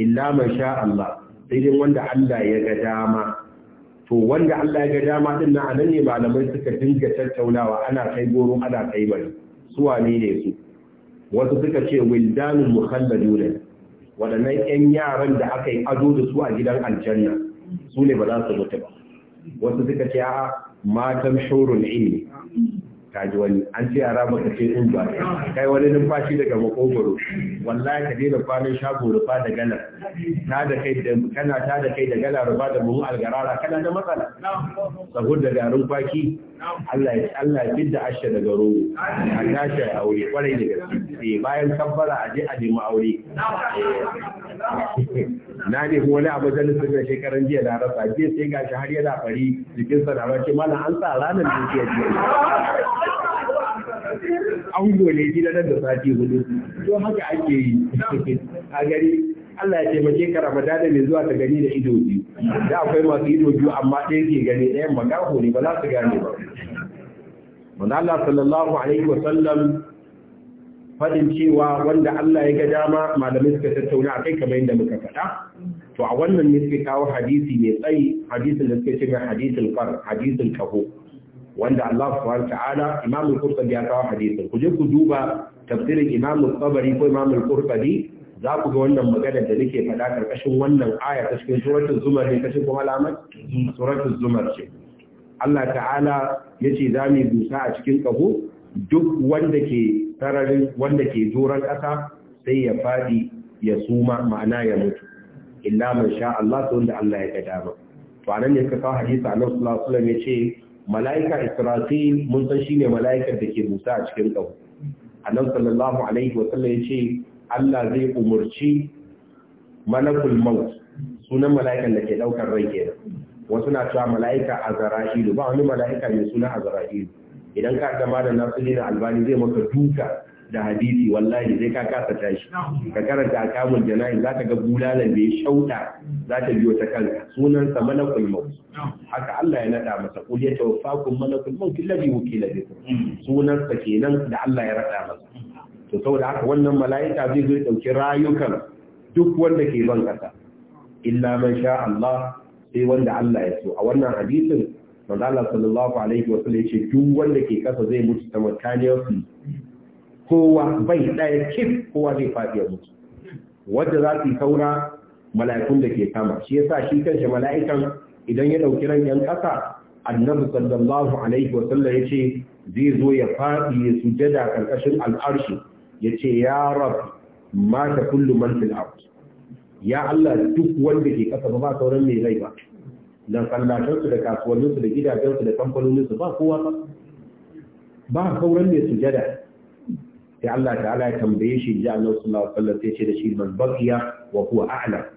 S3: illa man sha Allah sai dai wanda Allah ya ga dama to wanda Allah ya ga dama din nan anan ne malamai suka dinga tattaunawa ana kai goro ana kai bari su wane ne su wasu suka ce wildanul mukhalladun wadannan ƴan yaran da aka yi ado da su a gidan aljanna su ne ba za su mutu ba wasu suka ce a'a matan shurul ilmi Kaji wani an ce yara baka ce in ba kai wani numfashi daga makogoro wallahi ka da kwanan shago rufa da galar ta da kai da kana ta da kai da galar rufa da buhun algarara kana da matsala sahur da garin kwaki Allah ya Allah ya fidda ashe daga rogo a tashi aure kwarai da gaske eh, bayan kabbara a je a nemi aure eh, na ne wani abu da sun da shekaran jiya na rasa jiya sai gashi har yana fari jikinsa na race mana an sa ranar da jiya jiya an gole gida nan da sati hudu to haka ake yi a gari Allah ya taimake ka da mai zuwa ta gani da ido biyu da akwai masu ido biyu amma ɗaya ke gani ɗayan makaho ne ba za su gane ba. Manzo Allah sallallahu alaihi wa sallam faɗin cewa wanda Allah ya ga dama malamai suka tattauna a kai kamar yadda muka faɗa to a wannan ne suka kawo hadisi mai tsayi hadisin da suka ce mai hadisin far hadisin kaho wanda Allah ta'ala Imam al ya kawo hadisin ku je ku duba tafsirin Imam al-Tabari ko Imam al za ku ga wannan magana da nake faɗa karkashin wannan aya ta cikin suratul zumar ne ta cikin kuma alamar suratul zumar ce Allah ta'ala ya ce za mu busa a cikin kaho duk wanda ke sararin wanda ke doron ƙasa sai ya faɗi ya suma ma'ana ya mutu illa man sha Allah to wanda Allah ya ga dama to anan ne suka kawo hadisi Allah sallallahu alaihi wasallam ce malaika Israfil mun san shine malaikar da ke busa a cikin kabu Allah sallallahu alaihi wasallam ce Allah zai umurci malakul maut sunan malaikan da ke daukar rai kenan wasu na cewa malaika azra'ilu ba wani malaika mai suna azra'ilu idan ka da malam nasiru albani zai maka duka da hadisi wallahi zai ka kasa tashi ka karanta akamul jana'i zaka ga bulalan da ya shauda za ta biyo ta kanka sunan sa malakul maut haka Allah ya nada masa kul ya tawaffakum malakul maut alladhi wukila bikum sunan sa kenan da Allah ya rada masa to saboda haka wannan mala'ika zai zo dauki rayukan duk wanda ke ban kasa illa man sha Allah sai wanda Allah ya so a wannan hadisin Allah sallallahu alaihi wa sallam yace duk wanda ke kasa zai mutu ta su kowa bai daya kif kowa zai fadi ya mutu wanda za su saura mala'ikun da ke kama shi yasa shi kanshi mala'ikan idan ya ɗauki ran yan ƙasa annabi sallallahu alaihi wa sallam yace zai zo ya fadi ya sujada karkashin al'arshi yace ya rab mata kullu man fil ya Allah duk wanda ke kasa ba ba sauran mai rai ba da sallatansu da kasuwanninsu da gidajensu da kamfaninsu ba kowa ba ba sauran mai sujada sai Allah ta'ala ya tambaye shi ji Allah sallallahu alaihi wasallam sai ce da shi man baqiya wa huwa ala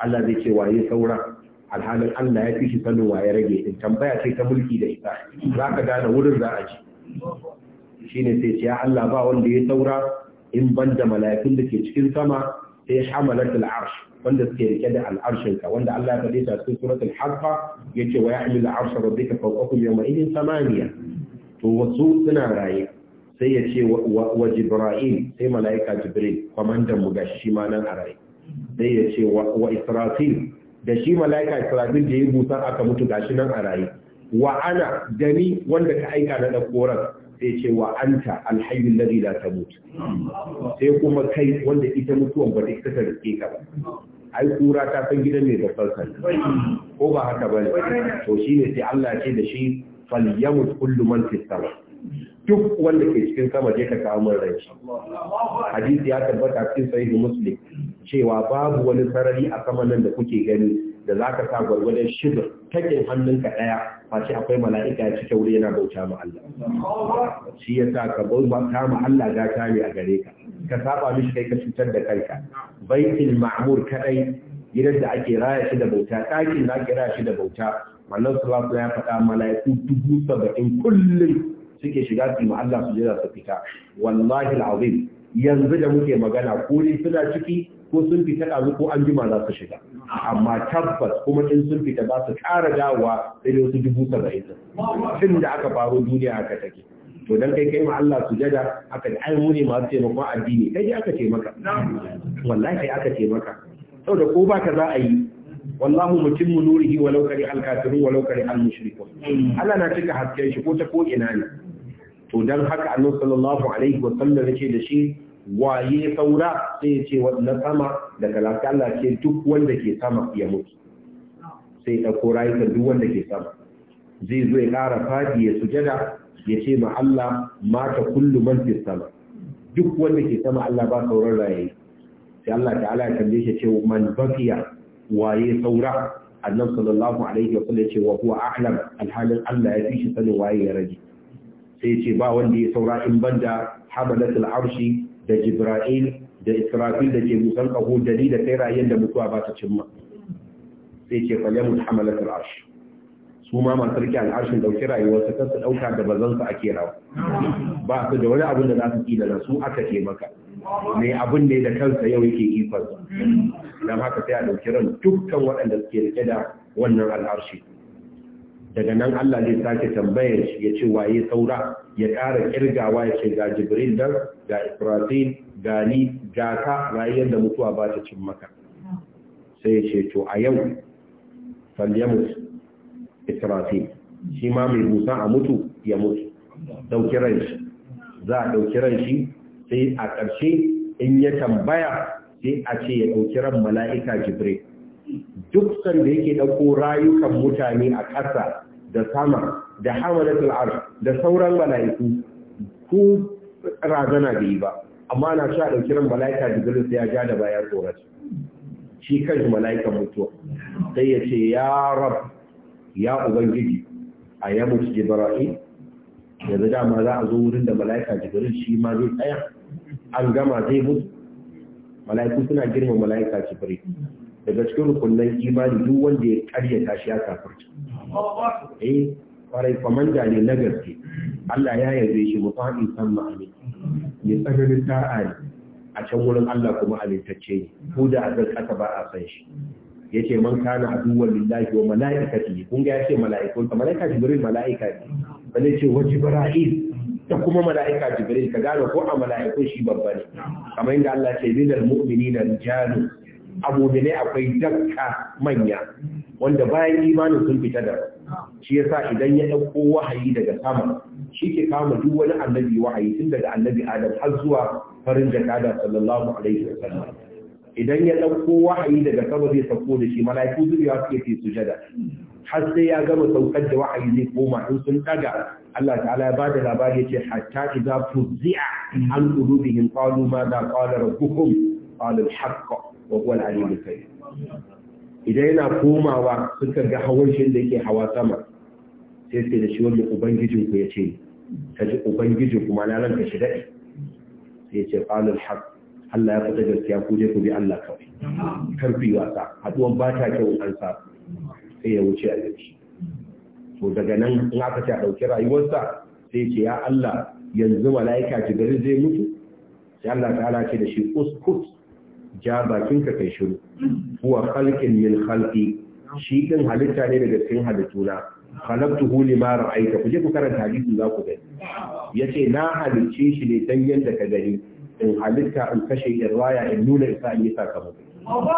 S3: Allah zai ce waye saura alhalin Allah ya fi shi sanin waye rage in tambaya ce ta mulki da ita zaka gane wurin za a ji shine sai ce ya Allah ba wanda ya saura in banda mala'ikun da ke cikin sama sai hamalat al wanda suke rike da al'arshin ka wanda Allah ya faɗi ta suratul haqqa yace wa yahmilu al-arsha rabbika fawqakum yawma idin samaniya to wasu suna raye sai ya ce wa jibra'il sai mala'ika jibril kwamandan mu gashi shi ma nan a raye sai ya ce wa israfil da shi mala'ika israfil da ya busar aka mutu gashi nan a raye wa ana gani wanda ka aika na ɗaukoran sai ce wa anta alhayyul ladhi la tamut sai kuma kai wanda ita mutuwan ba ta ta rike ka ba ai kura ta san gidan ne da sani ko ba haka ba ne to shine sai Allah ce da shi falyamut kullu man fis sama duk wanda ke cikin sama je ka kawo min rai hadisi ya tabbata cikin sahihu muslim cewa babu wani sarari a sama nan da kuke gani da za ka sa gwargwadon shirin takin hannunka ɗaya face akwai mala'ika ya cike wuri yana bauta ma Allah. Shi ya sa ka bauta ma Allah gata ne a gare ka, ka saba mishi kai ka cutar da kanka. Baitin ma'amur kaɗai gidan da ake raya shi da bauta, ɗakin da ake raya shi da bauta. Mallan Sulatu ya faɗa mala'iku dubu saba'in kullum suke shiga su ma Allah su jira su fita. Wallahi al'azim yanzu da muke magana ko suna ciki ko sun fita ɗazu ko an jima za su shiga amma tabbas kuma in sun fita za su ƙara dawowa sai dai wasu dubu saba'in tun da aka faru duniya aka take to dan kai kai ma Allah sujada aka ai mu ne masu taimakon addini kai aka ce maka wallahi aka ce maka saboda ko baka za a yi wallahu mutimmu nurihi walau kari al-kafirun walau kari al-mushrikun Allah na cika hasken shi ko ta ko ina ne to dan haka Annabi sallallahu alaihi wa sallam yace da shi waye saura sai ya ce na sama daga kalaka Allah ce duk wanda ke sama ya mutu sai ya ɗauko rayuka duk wanda ke sama zai zo ya ƙara fadi ya sujada ya ce ma Allah mata kullu man fi sama duk wanda ke sama Allah ba sauran raye sai Allah ta'ala ya kalle shi ce man baqiya waye saura annabi sallallahu alaihi wa sallam ya ce wa huwa alhalin Allah ya fi shi sanin waye ya rage sai ya ce ba wanda ya saura in banda hamalatul arshi da Jibra'il da Israfil da ke musan kaho dali da kai rayen da mutuwa ba ta cimma sai ce fa yamut hamalat al'arsh su ma masu rike al'arshin dauki rayuwar su kansu dauka da bazan su ake rawa ba su da wani abin da za su kila da su aka taimaka. maka mai abin ne da kansa yau yake ikon don haka sai a dauki ran dukkan waɗanda suke rike da wannan al'arshi daga nan Allah zai sake tambayar shi ya ce waye saura ya ƙara kirgawa ya ce ga Jibril dan ga Israfil ga ni ga ka ga yadda mutuwa ba ta cin maka sai ya ce to a yau falyamus Israfil shi ma mai busa a mutu ya mutu dauki ran shi za a dauki ran shi sai a ƙarshe in ya tambaya sai a ce ya dauki ran mala'ika Jibril duk sanda yake ɗauko rayukan mutane a ƙasa da sama da hamadatul arsh da sauran mala'iku ku razana da yi ba amma na sha ɗauki ran mala'ika jibril ya ja da bayan tsoraci shi kan mala'ikan mutuwa sai ya ce ya rab ya ubangiji a ya mutu jibril yanzu dama za a zo wurin da mala'ika jibril shi ma zai tsaya an gama zai mutu mala'iku suna girma mala'ika jibril daga cikin rukunan imani duk wanda ya karyata shi ya kafirta eh kwarai kwamanda ne na gaske Allah ya yarda shi mu faɗi san ma'ami ya tsananin ta'a ne a can wurin Allah kuma amintacce ne ko da a zarkata ba a san shi ya ce man kana aduwwan lillahi wa mala'ikati kun ga ya ce mala'ikun ta mala'ika jibril mala'ika ne ba zai ce wa jibril ta kuma mala'ika jibril ka gane ko a mala'ikun shi babba ne kamar yadda Allah ce minal mu'minina rijalun abubine akwai dakka manya wanda bayan imanin sun fita da shi yasa idan ya ɗauko wahayi daga sama shi ke kama duk wani annabi wahayi tun daga annabi adam har zuwa farin jakada sallallahu alaihi wa sallam idan ya ɗauko wahayi daga sama zai sauko da shi mala'iku zuriya suke fi sujada har sai ya gama saukar da wahayi zai koma in sun daga Allah ta'ala ya bada labari yace hatta idza fuzia an qulubihim qalu ma da qala rabbukum qala al-haqq wa huwa al idan yana komawa suka ga hawan shi da yake hawa sama sai sai da shi wani ubangijin ku yace ka ji ubangijin kuma na ranka shi daɗi, sai yace qala al-haq Allah ya fita gaskiya ku je ku bi Allah kawai kar ku yi wasa haduwan ba ta kyau an sa sai ya wuce a yanzu to daga nan in aka ce a dauki rayuwarsa sai ce ya Allah yanzu mala'ika jibril zai mutu sai Allah ta'ala ke da shi uskut ja bakin ka kai shiru huwa khalqin min khalqi shi din halitta ne daga cikin halittuna khalaqtuhu lima ra'aita kuje ku karanta hadisi za ku gani yace na halicce shi ne dan yanda ka gani in halitta in kashe irwaya in nuna isa in yi sakamako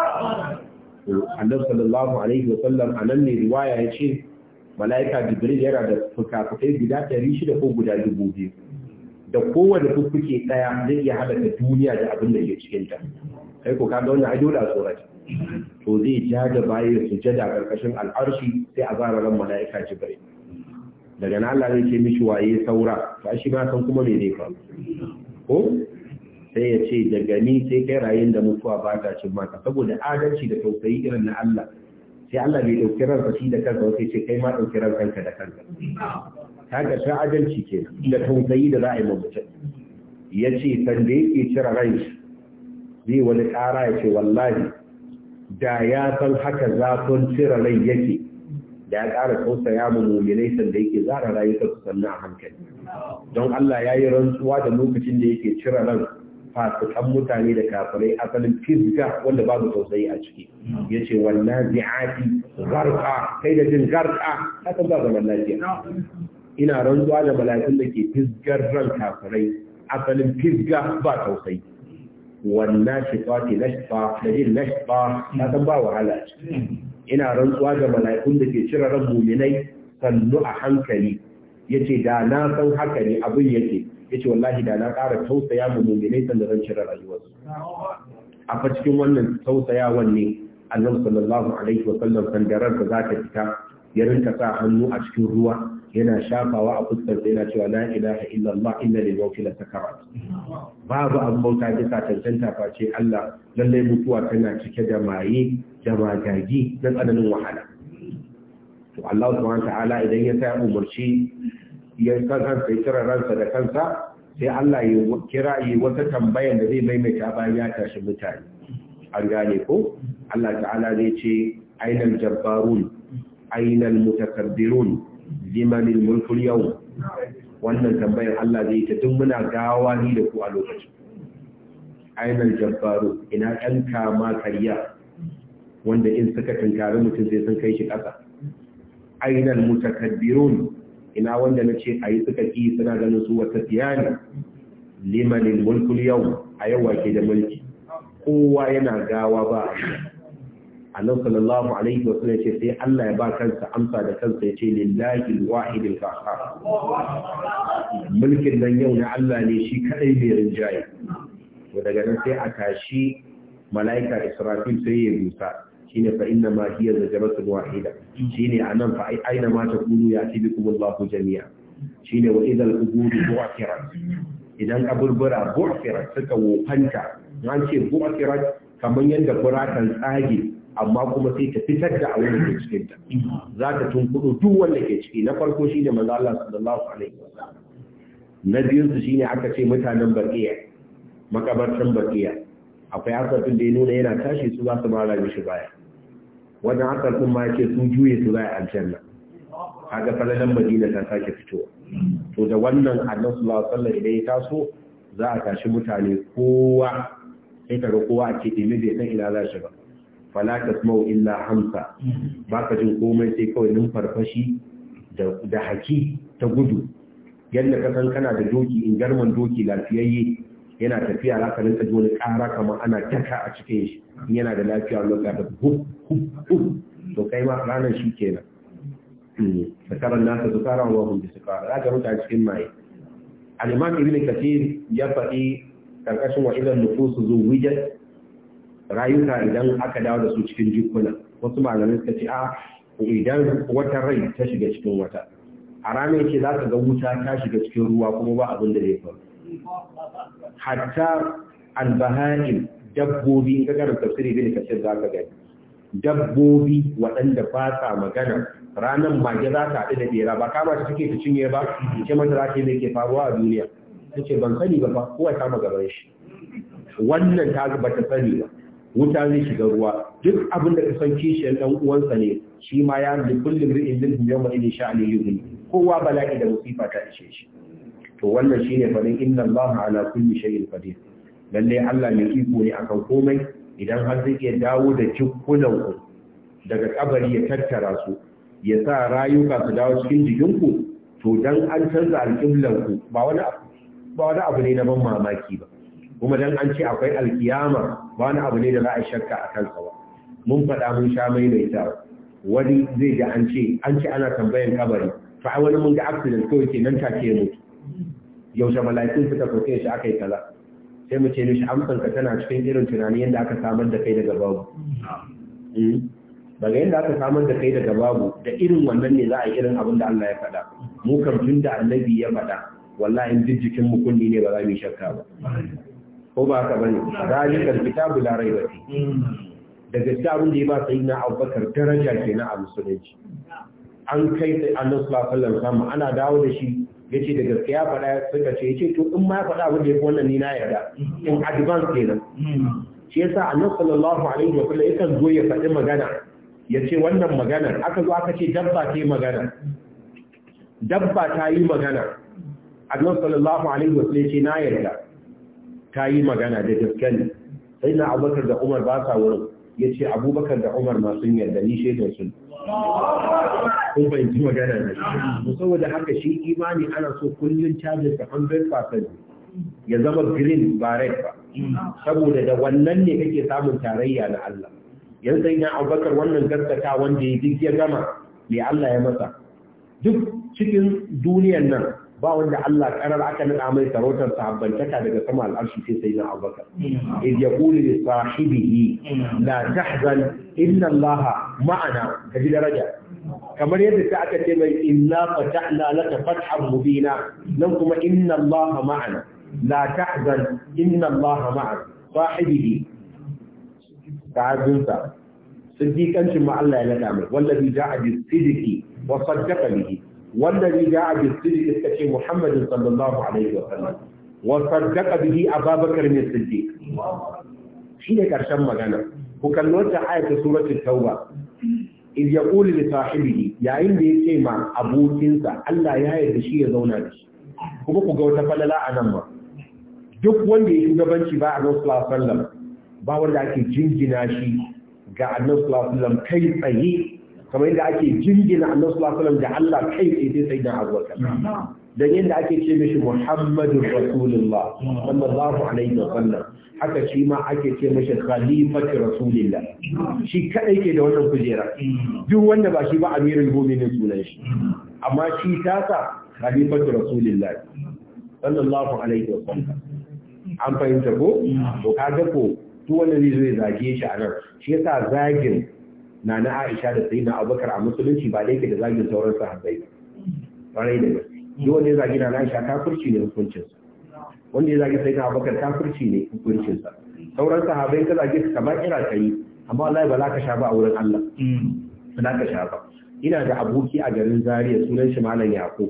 S3: Allah sallallahu alaihi wa sallam anan ne riwaya yace malaika jibril yana da fuka-fukai guda shida ko guda biyu, da kowane fuffuke ɗaya zai iya haɗa duniya da abin da ke cikin ta kai ko kaga wannan dole a tsorata to zai ja da su jada karkashin al'arshi sai a zara ran mala'ika jibril daga nan Allah zai ce mishi waye saura to shi ma san kuma me zai faru ko sai ya ce daga ni sai kai rayin da mutuwa ba ta cin maka saboda adalci da tausayi irin na Allah sai Allah bai dauki ranka shi da kanka sai ce kai ma dauki ranka da kanka kaga ta adalci kenan da tausayi da za a yi mutum yace san da yake cira ran shi zai wani ƙara ya ce wallahi da ya san haka zafin cire rai yake da ya ƙara tausaya mu muminai sanda yake zara rayuka su sannu a hankali don Allah ya yi rantsuwa da lokacin da yake cire ran fasikan mutane da kafirai asalin fizga wanda babu tausayi a ciki ya ce wannan zi'ati garka kai da jin garka hakan ba zaman lafiya ina rantsuwa da mala'ikun da ke fizgar ran kafirai asalin fizga ba tausayi wannan shiƙaƙi nashfa da jin nashfa na san ba wahala ina rantsuwa ga mala'ikun da ke cire ran muminai sannu a hankali ce da na san haka ne abin yake ce wallahi da na ƙara tausaya mu muminai sanda zan cire rayuwarsu a fa cikin wannan tausayawan ne annabi sallallahu alaihi wa sallam sandarar da za ta fita ya rinka sa hannu a cikin ruwa yana shafawa a fuskar sai yana cewa la ilaha illallah inna lil mauti la sakarat babu an bauta bisa tantanta face Allah lalle mutuwa tana cike da maye da magagi na tsananin wahala to Allah subhanahu ta'ala idan ya sa umarci ya san sai kira ransa da kansa sai Allah ya kira yi wata tambayar da zai maimaita bayan ya tashi mutane an gane ko Allah ta'ala zai ce ainal jabbarun ainal mutakabbirun Limanin mulkul yau wannan tambayar Allah zai ta tun muna gawa ni da ku a lokaci. ainihin jabbaru ina ɗan kama karya wanda in suka tunkari mutum zai sun kai shi ƙasa ainihin mutakabbirun ina wanda na ce a yi suka ƙi suna ganin su wata tiyani limanin mulkul yau a yawa ke da mulki kowa yana gawa ba a annabi sallallahu alaihi wa ya ce sai Allah ya ba kansa amsa da kansa ya ce lillahi alwahid alqahhar mulkin nan yau ne Allah ne shi kadai bai rinjaye to daga nan sai a tashi malaika Israfil sai ya busa shine fa inna ma hiya zajratun wahida shine anan fa aina ma takunu ya tibikum Allahu jami'a shine wa idal qubur bu'thirat idan kaburbura bu'thirat suka wofanta an ce bu'thirat kamar yadda kura kan tsage amma kuma sai ta fitar da abin da ke cikin ta za ta tunkudo duk wanda ke ciki na farko shine manzo Allah sallallahu alaihi wasallam na biyun su shine aka ce mutanen barkiya makabartan barkiya akwai asabin da ya nuna yana tashi su za su mara mishi baya wannan asar din ma yake su juye su za a aljanna kaga falalan madina ta sake fitowa to da wannan annabi sallallahu alaihi wasallam idan ya taso za a tashi mutane kowa sai kaga kowa a ce dimi bai san ina za shi ba fala Smau, illa hamsa baka jin komai sai kawai numfarfashi da da haki ta gudu yadda ka san kana da doki in garman doki lafiyayye yana tafiya za ka rinka wani ƙara kamar ana taka a cikin shi in yana da lafiya wani ga da hub hub hub to kai ma ranar shi kenan Sakarar hmm. nasa su kara wa hun bisu kara za ka rinka cikin maye al-imam ibn kathir ya faɗi karkashin wa idan nufusu zuwijat rayuka idan aka dawo da su cikin jikuna wasu malamai suka ce a idan wata rai ta shiga cikin wata a ranar ce za ka ga wuta ta shiga cikin ruwa kuma ba abin da zai faru hatta albahari dabbobi in ka tafsiri bin kasir za ka gani dabbobi waɗanda ba sa magana ranar mage za ta haɗu da ɗera ba kama ta take ta cinye ba ce mata za ta yi ke faruwa a duniya ta ce ban sani ba ba kowa kama shi wannan ta ba ta sani ba wuta zai shiga ruwa duk abin da ka san kishiyar ɗan uwansa ne shi ma ya da kullum ri'in din yau mai ne sha ne kowa bala'i da musifa ta ishe shi to wannan shine fadin inna allaha ala kulli shay'in qadir lalle Allah mai iko ne akan komai idan har zai iya dawo da jikunan ku daga kabari ya tattara su ya sa rayuka su dawo cikin jikinku to dan an canza alƙiblan ku ba ba wani abu ne na ban mamaki ba kuma dan an ce akwai alkiyama ba wani abu ne da za a shakka a kansa ba mun faɗa mun sha mai mai ta wani zai ga an ce an ce ana tambayan kabari fa a wani mun ga accident kawai ke nan take mu mutu yaushe mala'ikun suka soke shi aka kala? kaza sai mu ce mishi amsan ka tana cikin irin tunani yadda aka samar da kai daga babu hmm? daga yadda aka samar da kai daga babu da irin wannan ne za a irin abin da Allah ya faɗa mu kam tun da annabi ya faɗa wallahi in jikin mu kulli ne ba za mu shakka ba ko ba ka bane zalikal kitabu la raiba fi daga cikin abin da ya ba sayyidina Abubakar daraja kenan a musulunci an kai sai annabi sallallahu alaihi wasallam ana dawo da shi yace da gaskiya faɗa suka ce yace to in ma ya faɗa abin da yafi wannan ni na yarda in advance kenan shi yasa annabi sallallahu alaihi wasallam yakan zo ya faɗi magana yace wannan magana aka zo aka ce dabba ce magana dabba ta yi magana annabi sallallahu alaihi wasallam yace na yarda ta yi magana da gaske ne sai na abubakar da umar ba sa wurin ya ce abubakar da umar masu yarda ni shaidar sun kun fahimci magana da shi saboda haka shi imani ana so kullum cajin sa fasar ya zama green ba red ba saboda da wannan ne kake samun tarayya na Allah yanzu sai na abubakar wannan gaskata wanda ya duk ya gama me Allah ya masa duk cikin duniyar nan ba wanda Allah karar aka nada mai sarautar sahabbantaka daga sama al'arshi sai sai na Abubakar iz yaqulu li sahibihi la tahzan inna Allah ma'ana Ka ji daraja kamar yadda ta aka ce mai inna fatahna laka fathan mubina nan kuma inna Allah ma'ana la tahzan inna Allah ma'ana sahibihi ta'azzunsa siddiqancin ma Allah ya nada mai wallazi ja'a bis sidiki wa saddaqa bihi wanda ne ja a bisiri iska ce Muhammadin sallallahu alaihi wa wa saddaqa bihi Abubakar ne shi ne karshen magana ku kalli wata ayatu suratul tauba iz yaqulu li sahibihi yayin da yace ma abokinsa Allah ya yarda shi ya zauna da shi kuma ku ga wata falala a nan ma duk wanda ya shugabanci ba a nan sallallahu alaihi ba wanda ake jingina shi ga annabi sallallahu alaihi wasallam kai tsaye kamar yadda ake jirgin annabi sallallahu alaihi da Allah kai tsaye sai sayyidina Abubakar dan yadda ake ce mishi Muhammadur Rasulullah sallallahu alaihi wa sallam haka shi ma ake ce mishi khalifatu Rasulillah shi kadai ke da wannan kujera duk wanda ba shi ba amirul mu'minin sunan shi amma shi tasa khalifatu Rasulillah sallallahu alaihi wa sallam an fahimta ko to kaga ko duk wanda zai zo ya zage shi a nan shi yasa zagin na na Aisha da na Abubakar a musulunci ba dai ke da zagin sauran sahabbai kwarai da gaske duk wanda ya zagi na Aisha furci ne hukuncin sa wanda ya zagi sai na Abubakar furci ne hukuncin sa sauran sahabbai ka zagi ka ba kira kai amma wallahi ba za ka sha ba a wurin Allah ba za ka sha ba ina da aboki a garin Zaria sunan shi Malam Yakub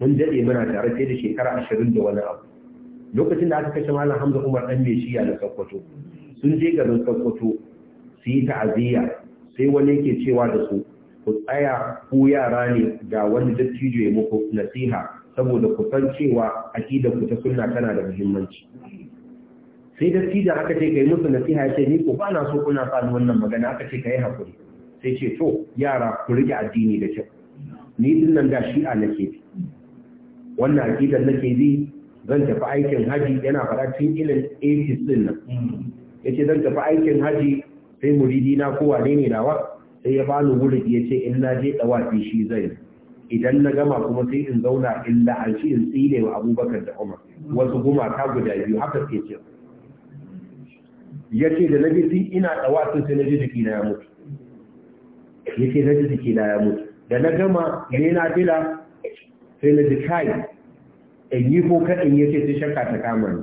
S3: mun dade muna tare sai da shekara 20 da wani abu lokacin da aka kashe Malam Hamza Umar dan Meshiya da Sokoto sun je garin Sokoto su yi ta'aziyya sai wani yake cewa da su ku tsaya ku yara ne ga wani dattijo ya muku nasiha saboda ku san cewa akida ku ta sunna tana da muhimmanci sai dattijo aka ce kai musu nasiha ya ce ni ko ba na so kuna sa wannan magana aka ce kai hakuri sai ce to yara ku rike addini da kyau ni din nan da shi'a nake bi wannan aqidar nake bi zan tafi aikin haji yana faɗa cikin ilin 80 din nan yace zan tafi aikin haji sai muridi na ko wane ne nawa sai ya bani wurin ya ce in na je dawafi shi zai idan na gama kuma sai in zauna in la'anci in tsile wa abubakar da umar wasu gumaka guda biyu haka ke ce ya ce da nabisi ina dawafin sai na ji jiki na ya mutu ya ce na ji jiki na ya mutu da na gama ne na bila sai na ji kai in yi ko kaɗin ya ce sai shakka ta kama ni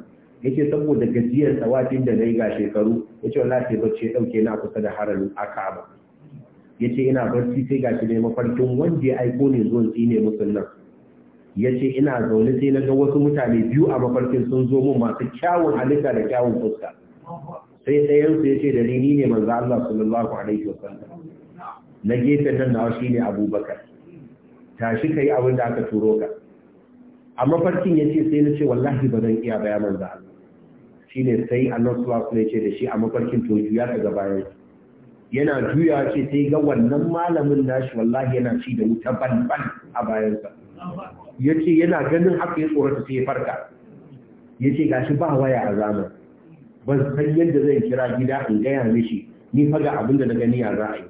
S3: ce saboda gajiyar tsawafin da nayi ga shekaru yace wala sai bacci ya dauke na kusa da haramin akaba yace ina barci sai shi ne mafarkin wanda ya aiko ne zuwan tsine Ya yace ina zaune sai na ga wasu mutane biyu a mafarkin sun zo mun masu kyawun halitta da kyawun fuska sai ɗayansu ya ce da ni ne manzo Allah sallallahu alaihi wasallam na gefen nan nawa shine Abubakar tashi kai abin da aka turo ka a mafarkin yace sai na ce wallahi ba zan iya baya manzo Allah shine sai Allah subhanahu ya ce da shi a mafarkin tojuya ya daga bayan yana juya ce sai ga wannan malamin nashi wallahi yana ci da wuta ban ban a bayansa yace yana ganin haka ya tsorata sai ya farka yace gashi ba waya a zaman ban san yadda zai kira gida in gaya mishi ni faga abin da na gani a ra'ayi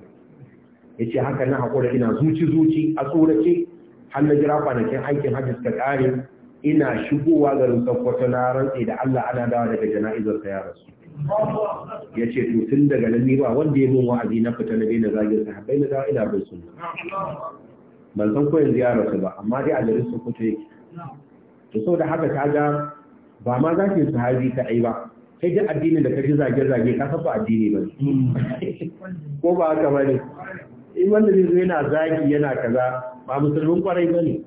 S3: ya ce haka na haƙura ina zuci zuci a tsorace har na jira kwanakin aikin hajji suka ƙare ina shigowa garin Sokoto na rantsi da Allah ana dawa daga jana'izar sa ya rasu ya ce to tun daga nan ni ba wanda ya min wa'azi na fita na daina zagin bai na dawa ina bin sunna ban san ko yanzu ya rasu ba amma dai a su kuta yake to saboda haka ta ga ba ma su sahabi ta ai ba sai duk addinin da ka ji zage-zage ka san ba addini ba ko ba haka ba ne in wanda zai zo yana zagi yana kaza ba musulmin kwarai ba ne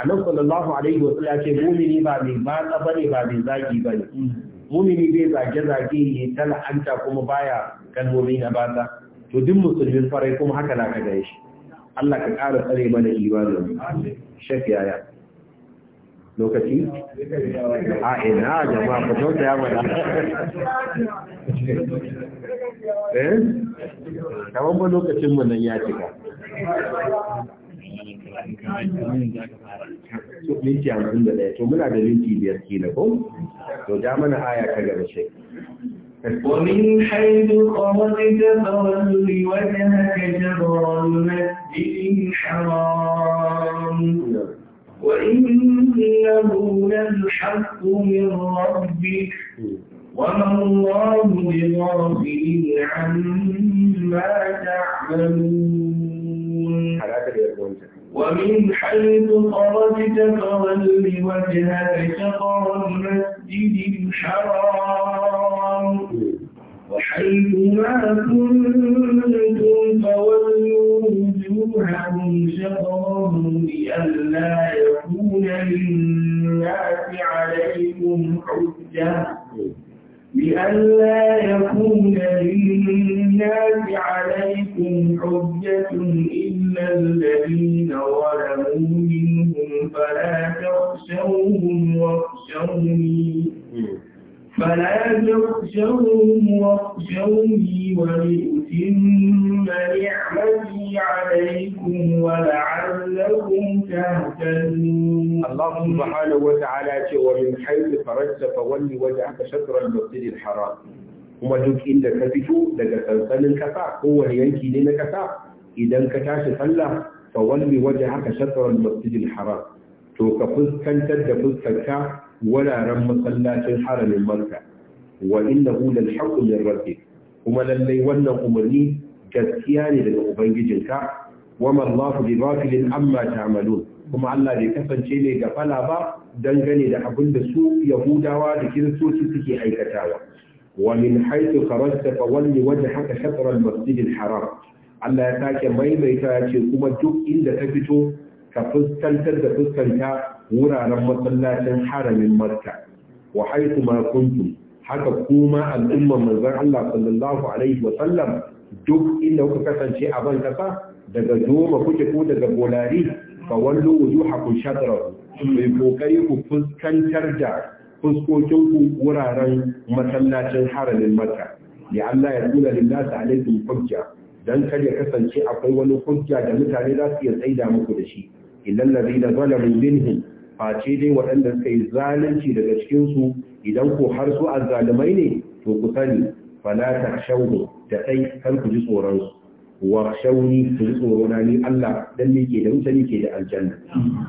S3: annabi sallallahu alaihi wasallam ya ce mumini ba mai ba bane ba mai zagi ne. mumini bai zage zage ya la'anta kuma baya kalmomi na bata to duk musulmin farai kuma haka na kaga shi Allah ka ƙara tsare mana imanin shafi yaya lokaci a ina jama'a ku zo ta mana eh kamar ba lokacin mu nan ya cika
S1: gaba in za fara so
S3: minti hamsin da ɗaya to muna da minti biyar na ko to ja mana aya ta gaba sai ومن
S2: حيث خرجت فول وجهك شطر المسجد الحرام وإنه للحق من ربك وما الله بغافل عما تعملون ومن حيث خرجت فول وجهك شطر المسجد الحرام وحيث ما كنتم فولوا وجوهكم شطره لئلا يكون للناس عليكم حجه لئلا يكون للناس عليكم حجة إلا الذين ظلموا منهم فلا تخشوهم واخشوني فلا تخشوهم واخشوني ولأتم نعمتي عليكم ولعلكم
S3: تهتدون الله سبحانه وتعالى ومن حيث خرجت فولي وجهك شطر المسجد الحرام kuma duk inda ka fito daga sansanin kasa kowane yanki ne na kasa idan ka tashi sallah fa walli waje haka shatarar masjidil haram to ka fuskantar da fuskanka wuraren masallacin haramin marka. wa innahu lal haqqu min kuma lallai wannan umarni gaskiya ne daga ubangijinka wa ma Allahu bi ghafilin amma ta'malun kuma Allah bai kasance mai gafala ba dangane da abin da su Yahudawa da Kiristoci suke aikatawa wa min haythu kharajta fa walli wajhaka shatr al-masjid al-haram Allah ya sake maimaita ya ce kuma duk inda ka fito ka fuskantar da fuskanta wuraren masallacin haramin makka wa haitu ma kuntum haka kuma al'umma manzon Allah sallallahu alaihi wa sallam duk inda kuka kasance a ban kasa daga doma kuke ko daga bolari fa wallu wujuhakum shatrahu mai kokari ku fuskantar da ku wuraren masallacin haramin makka ya Allah ya tura lillahi alaikum hujja dan kar ya kasance akwai wani hujja da mutane za su iya tsaida muku da shi illal ladina zalamu minhum face dai waɗanda suka yi zalunci daga cikin su idan ko har su azzalumai ne to ku sani fala takshawu da dai kan ku ji tsoron su wa shawni ku ji tsoro na ni Allah dan ne ke da mutane ke da aljanna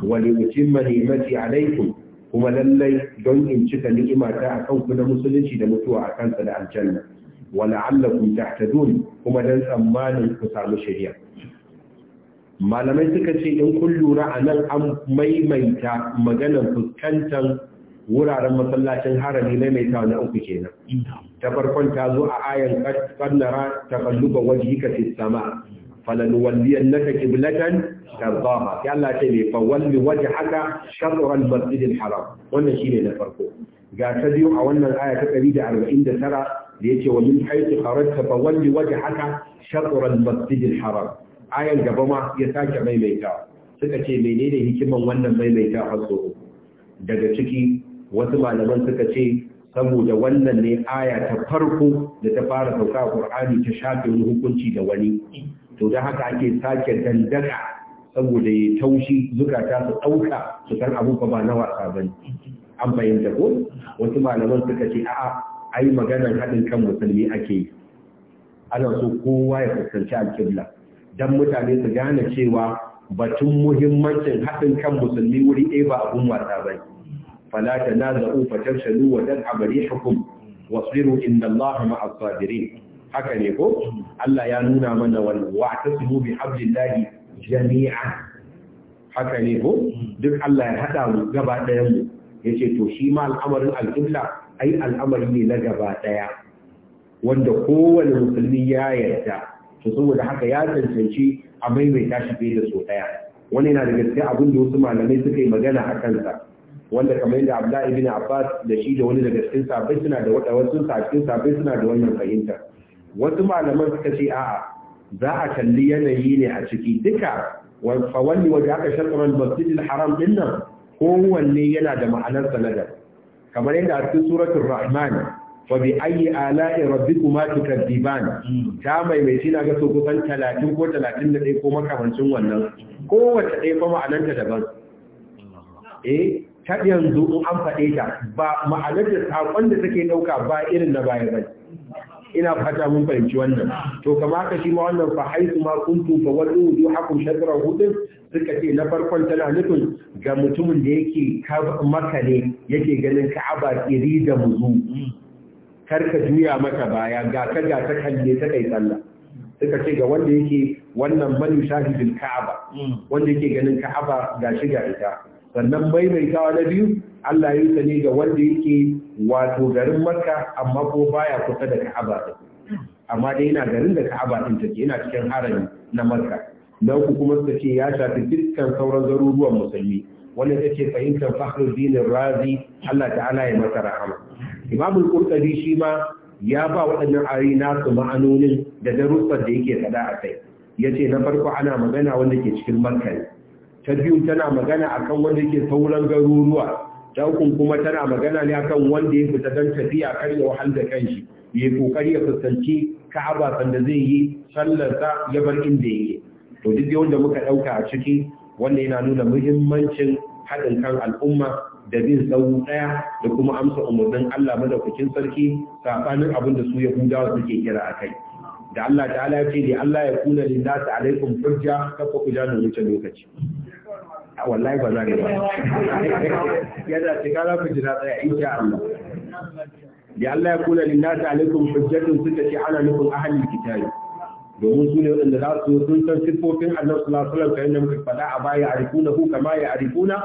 S3: wa li utimma ni'mati alaikum kuma lallai don in cika ni'imata a ku na musulunci da mutuwa a kansa da aljanna wa la'allakum tahtadun kuma dan tsammanin ku samu shari'a malamai suka ce in kun lura a nan an maimaita maganar fuskantar wuraren masallacin harami maimaita na uku kenan ta farkon ta zo a ayan kannara ta kalluba yi fi sama falanuwalliyannaka qiblatan tardaha ya Allah ce ne fa waje haka, sharra al haram wannan shine na farko ga ta biyu a wannan aya ta 149 da yake wa min haythu kharajta fa waje haka sharra al-masjidil haram ayan gaba ma ya sake maimaita suka ce menene hikiman wannan maimaita faso daga ciki wasu malaman suka ce saboda wannan ne aya ta farko da ta fara sauka a Qur'ani ta shafe wani hukunci da wani to da haka ake sake dandaka saboda ya taushi zukata su ɗauka su san abu ba na wasa bane an bayyana ko wasu malaman suka ce a'a ai maganar haɗin kan musulmi ake yi. ana so kowa ya fuskanci alƙibla don mutane su gane cewa batun muhimmancin haɗin kan musulmi wuri ɗaya ba abun wasa ba ne fala tanaza'u fatashalu wa tadhhabu rihukum wasbiru inna Allaha ma'as sabirin haka ne ko Allah ya nuna mana wannan wa tasmu bi abdullahi jami'a haka ne ko duk Allah ya hada mu gaba ɗayan mu yace to shi ma al'amarin alƙibla ai al'amari ne na gaba ɗaya wanda kowane musulmi ya yarda to saboda haka ya cancanci a maimaita shi fiye da sau daya wani yana da gaske abin da wasu malamai suka yi magana a kansa wanda kamar yadda Abdullahi bin Abbas da shi da wani daga cikin sahabbai suna da wata wasu sahabbai sahabbai suna da wannan fahimta wasu malaman suka ce a'a za a kalli yanayi ne a ciki duka fa wani waje aka shakarar masjidil haram din nan kowanne yana da ma'anar sanadar kamar yadda a cikin suratul rahman fa bi ayi ala'i rabbikuma tukadiban hmm. ta maimaici na ga so kusan 30 ko 31 ko makamancin wannan kowace ɗaya fa ma'ananta daban eh ta yanzu in an faɗe ta ba ma'anar da sakon da take ɗauka ba irin na baya ba ina fata mun fahimci wannan to kama haka shi ma wannan fa haisu ma kuntu fa wadu hakum shadra hudun suka ce na farkon tana nufin ga mutumin da yake makale yake ganin ka'aba kiri da muzu hmm. kar ka juya mata baya ga ka ga ta kalle ta kai sallah suka ce ga wanda yake wannan bani shahidin ka'aba wanda yake ganin ka'aba ga shi ga ita sannan maimaitawa na biyu Allah ya yi ne ga wanda yake wato garin Makka amma ko baya kusa da Ka'aba amma dai yana garin da Ka'aba din take yana cikin harami na Makka dan ku kuma suka ce ya shafi dukkan sauran garuruwan musulmi wanda take fahimtar dinin Razi Allah ta'ala ya masa rahama imam al-qurtubi shi ma ya ba waɗannan ayoyi su ma'anonin da darussan da yake faɗa a kai yace na farko ana magana wanda ke cikin markai ta biyu tana magana akan wanda ke sauran garuruwa ta uku kuma tana magana ne akan wanda ya fita don tafiya kar ya wahal da kanshi ya kokari ya fuskanci ka'aba sanda zai yi sallar sallarsa ya bar inda yake to duk wanda muka dauka a ciki wanda yana nuna muhimmancin haɗin kan al'umma da bin tsawo ɗaya da kuma amsa umarnin Allah madaukakin sarki safanin abin da su Yahudawa suke kira a kai. Da Allah ta'ala ya ce da Allah ya kuna ta alaikum furja kwa ku da wuce lokaci. Wallahi ba za ni ba. Yana ce kara ku jira tsaya sha Allah. Da Allah ya kuna ta alaikum furjatun suka ce ana nufin ahalin kitabi. domin su ne waɗanda za su sun san siffofin Allah sallallahu alaihi wasallam kayan da muka faɗa a baya a rikuna ku kama ya a rikuna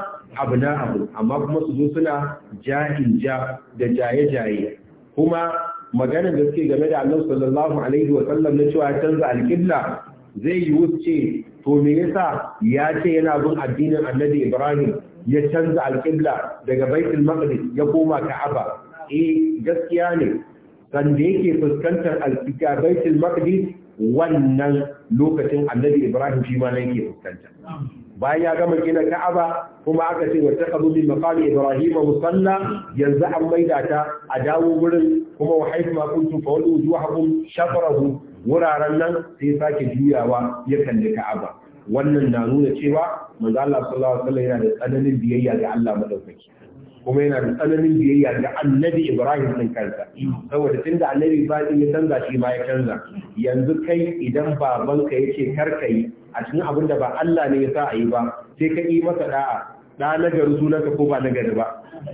S3: abu na abu amma kuma su zo suna jahil ja da jaye-jaye kuma maganar da suke game da Allah sallallahu alaihi wasallam na cewa ya canza alƙibla zai yi wuce to me yasa ya ce yana bin addinin Annabi Ibrahim ya canza alƙibla daga Baitul Maqdis ya koma Ka'aba eh gaskiya ne sanda yake fuskantar alƙibla Baitul Maqdis wannan lokacin annabi Ibrahim shi ma nan yake fuskanta bayan ya gama gina Ka'aba kuma aka ce wa taqabu min maqami Ibrahim musalla yanzu an maida ta a dawo gurin kuma wa haifu ma kuntum fa wallu wujuhakum shatrahu wuraren nan sai sake juyawa ya kalli Ka'aba wannan na nuna cewa manzo Allah sallallahu alaihi wasallam yana da tsananin biyayya ga Allah madaukaki kuma yana da tsananin biyayya ga annabi Ibrahim ɗin kansa. Saboda tun da annabi Ibrahim ya canza shi ma ya canza. Yanzu kai idan babanka ya ce kar ka yi a cikin abin da ba Allah ne ya sa a yi ba sai ka yi masa da'a da na gari sunanka ko ba na gari ba.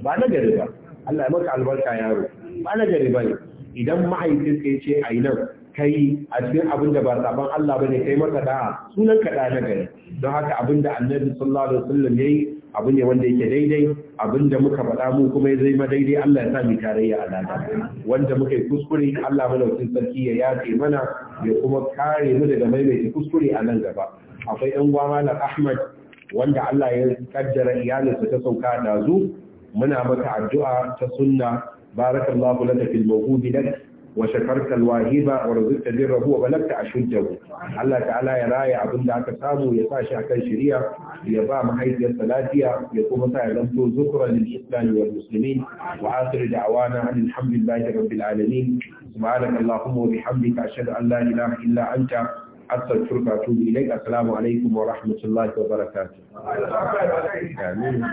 S3: Ba na gari ba. Allah ya maka albarka yaro. Ba na gari ba ne. Idan mahaifinka ya ce a yi nan kai a cikin abin da ba saban Allah bane kai masa da sunan ka da gari don haka abin da Annabi sallallahu alaihi wasallam yayi abu ne wanda yake daidai abin da muka faɗa mu kuma ya zama daidai Allah ya sa mu tarayya a lada wanda muka yi kuskure Allah madaukakin sarki ya yafe mana ya kuma kare mu daga maimaita kuskure a nan gaba akwai ɗan uwa malam Ahmad wanda Allah ya kaddara iyalinsa ta sauka da zu muna maka addu'a ta sunna barakallahu laka fil mawhubi lak wa shakarta alwahiba wa razaqta birrahu wa balagta ashuddahu Allah ta'ala ya raya abin da aka samu ya sa shi kan shari'a ya ba mahaifiyarsa lafiya ya kuma sa ya zanto zukuran lil islam wal muslimin wa akhir da'wana alhamdulillahi rabbil alamin subhanaka allahumma wa bihamdika ashhadu an la ilaha illa anta أستغفرك وأتوب إليك السلام عليكم ورحمة الله وبركاته.
S1: آمين.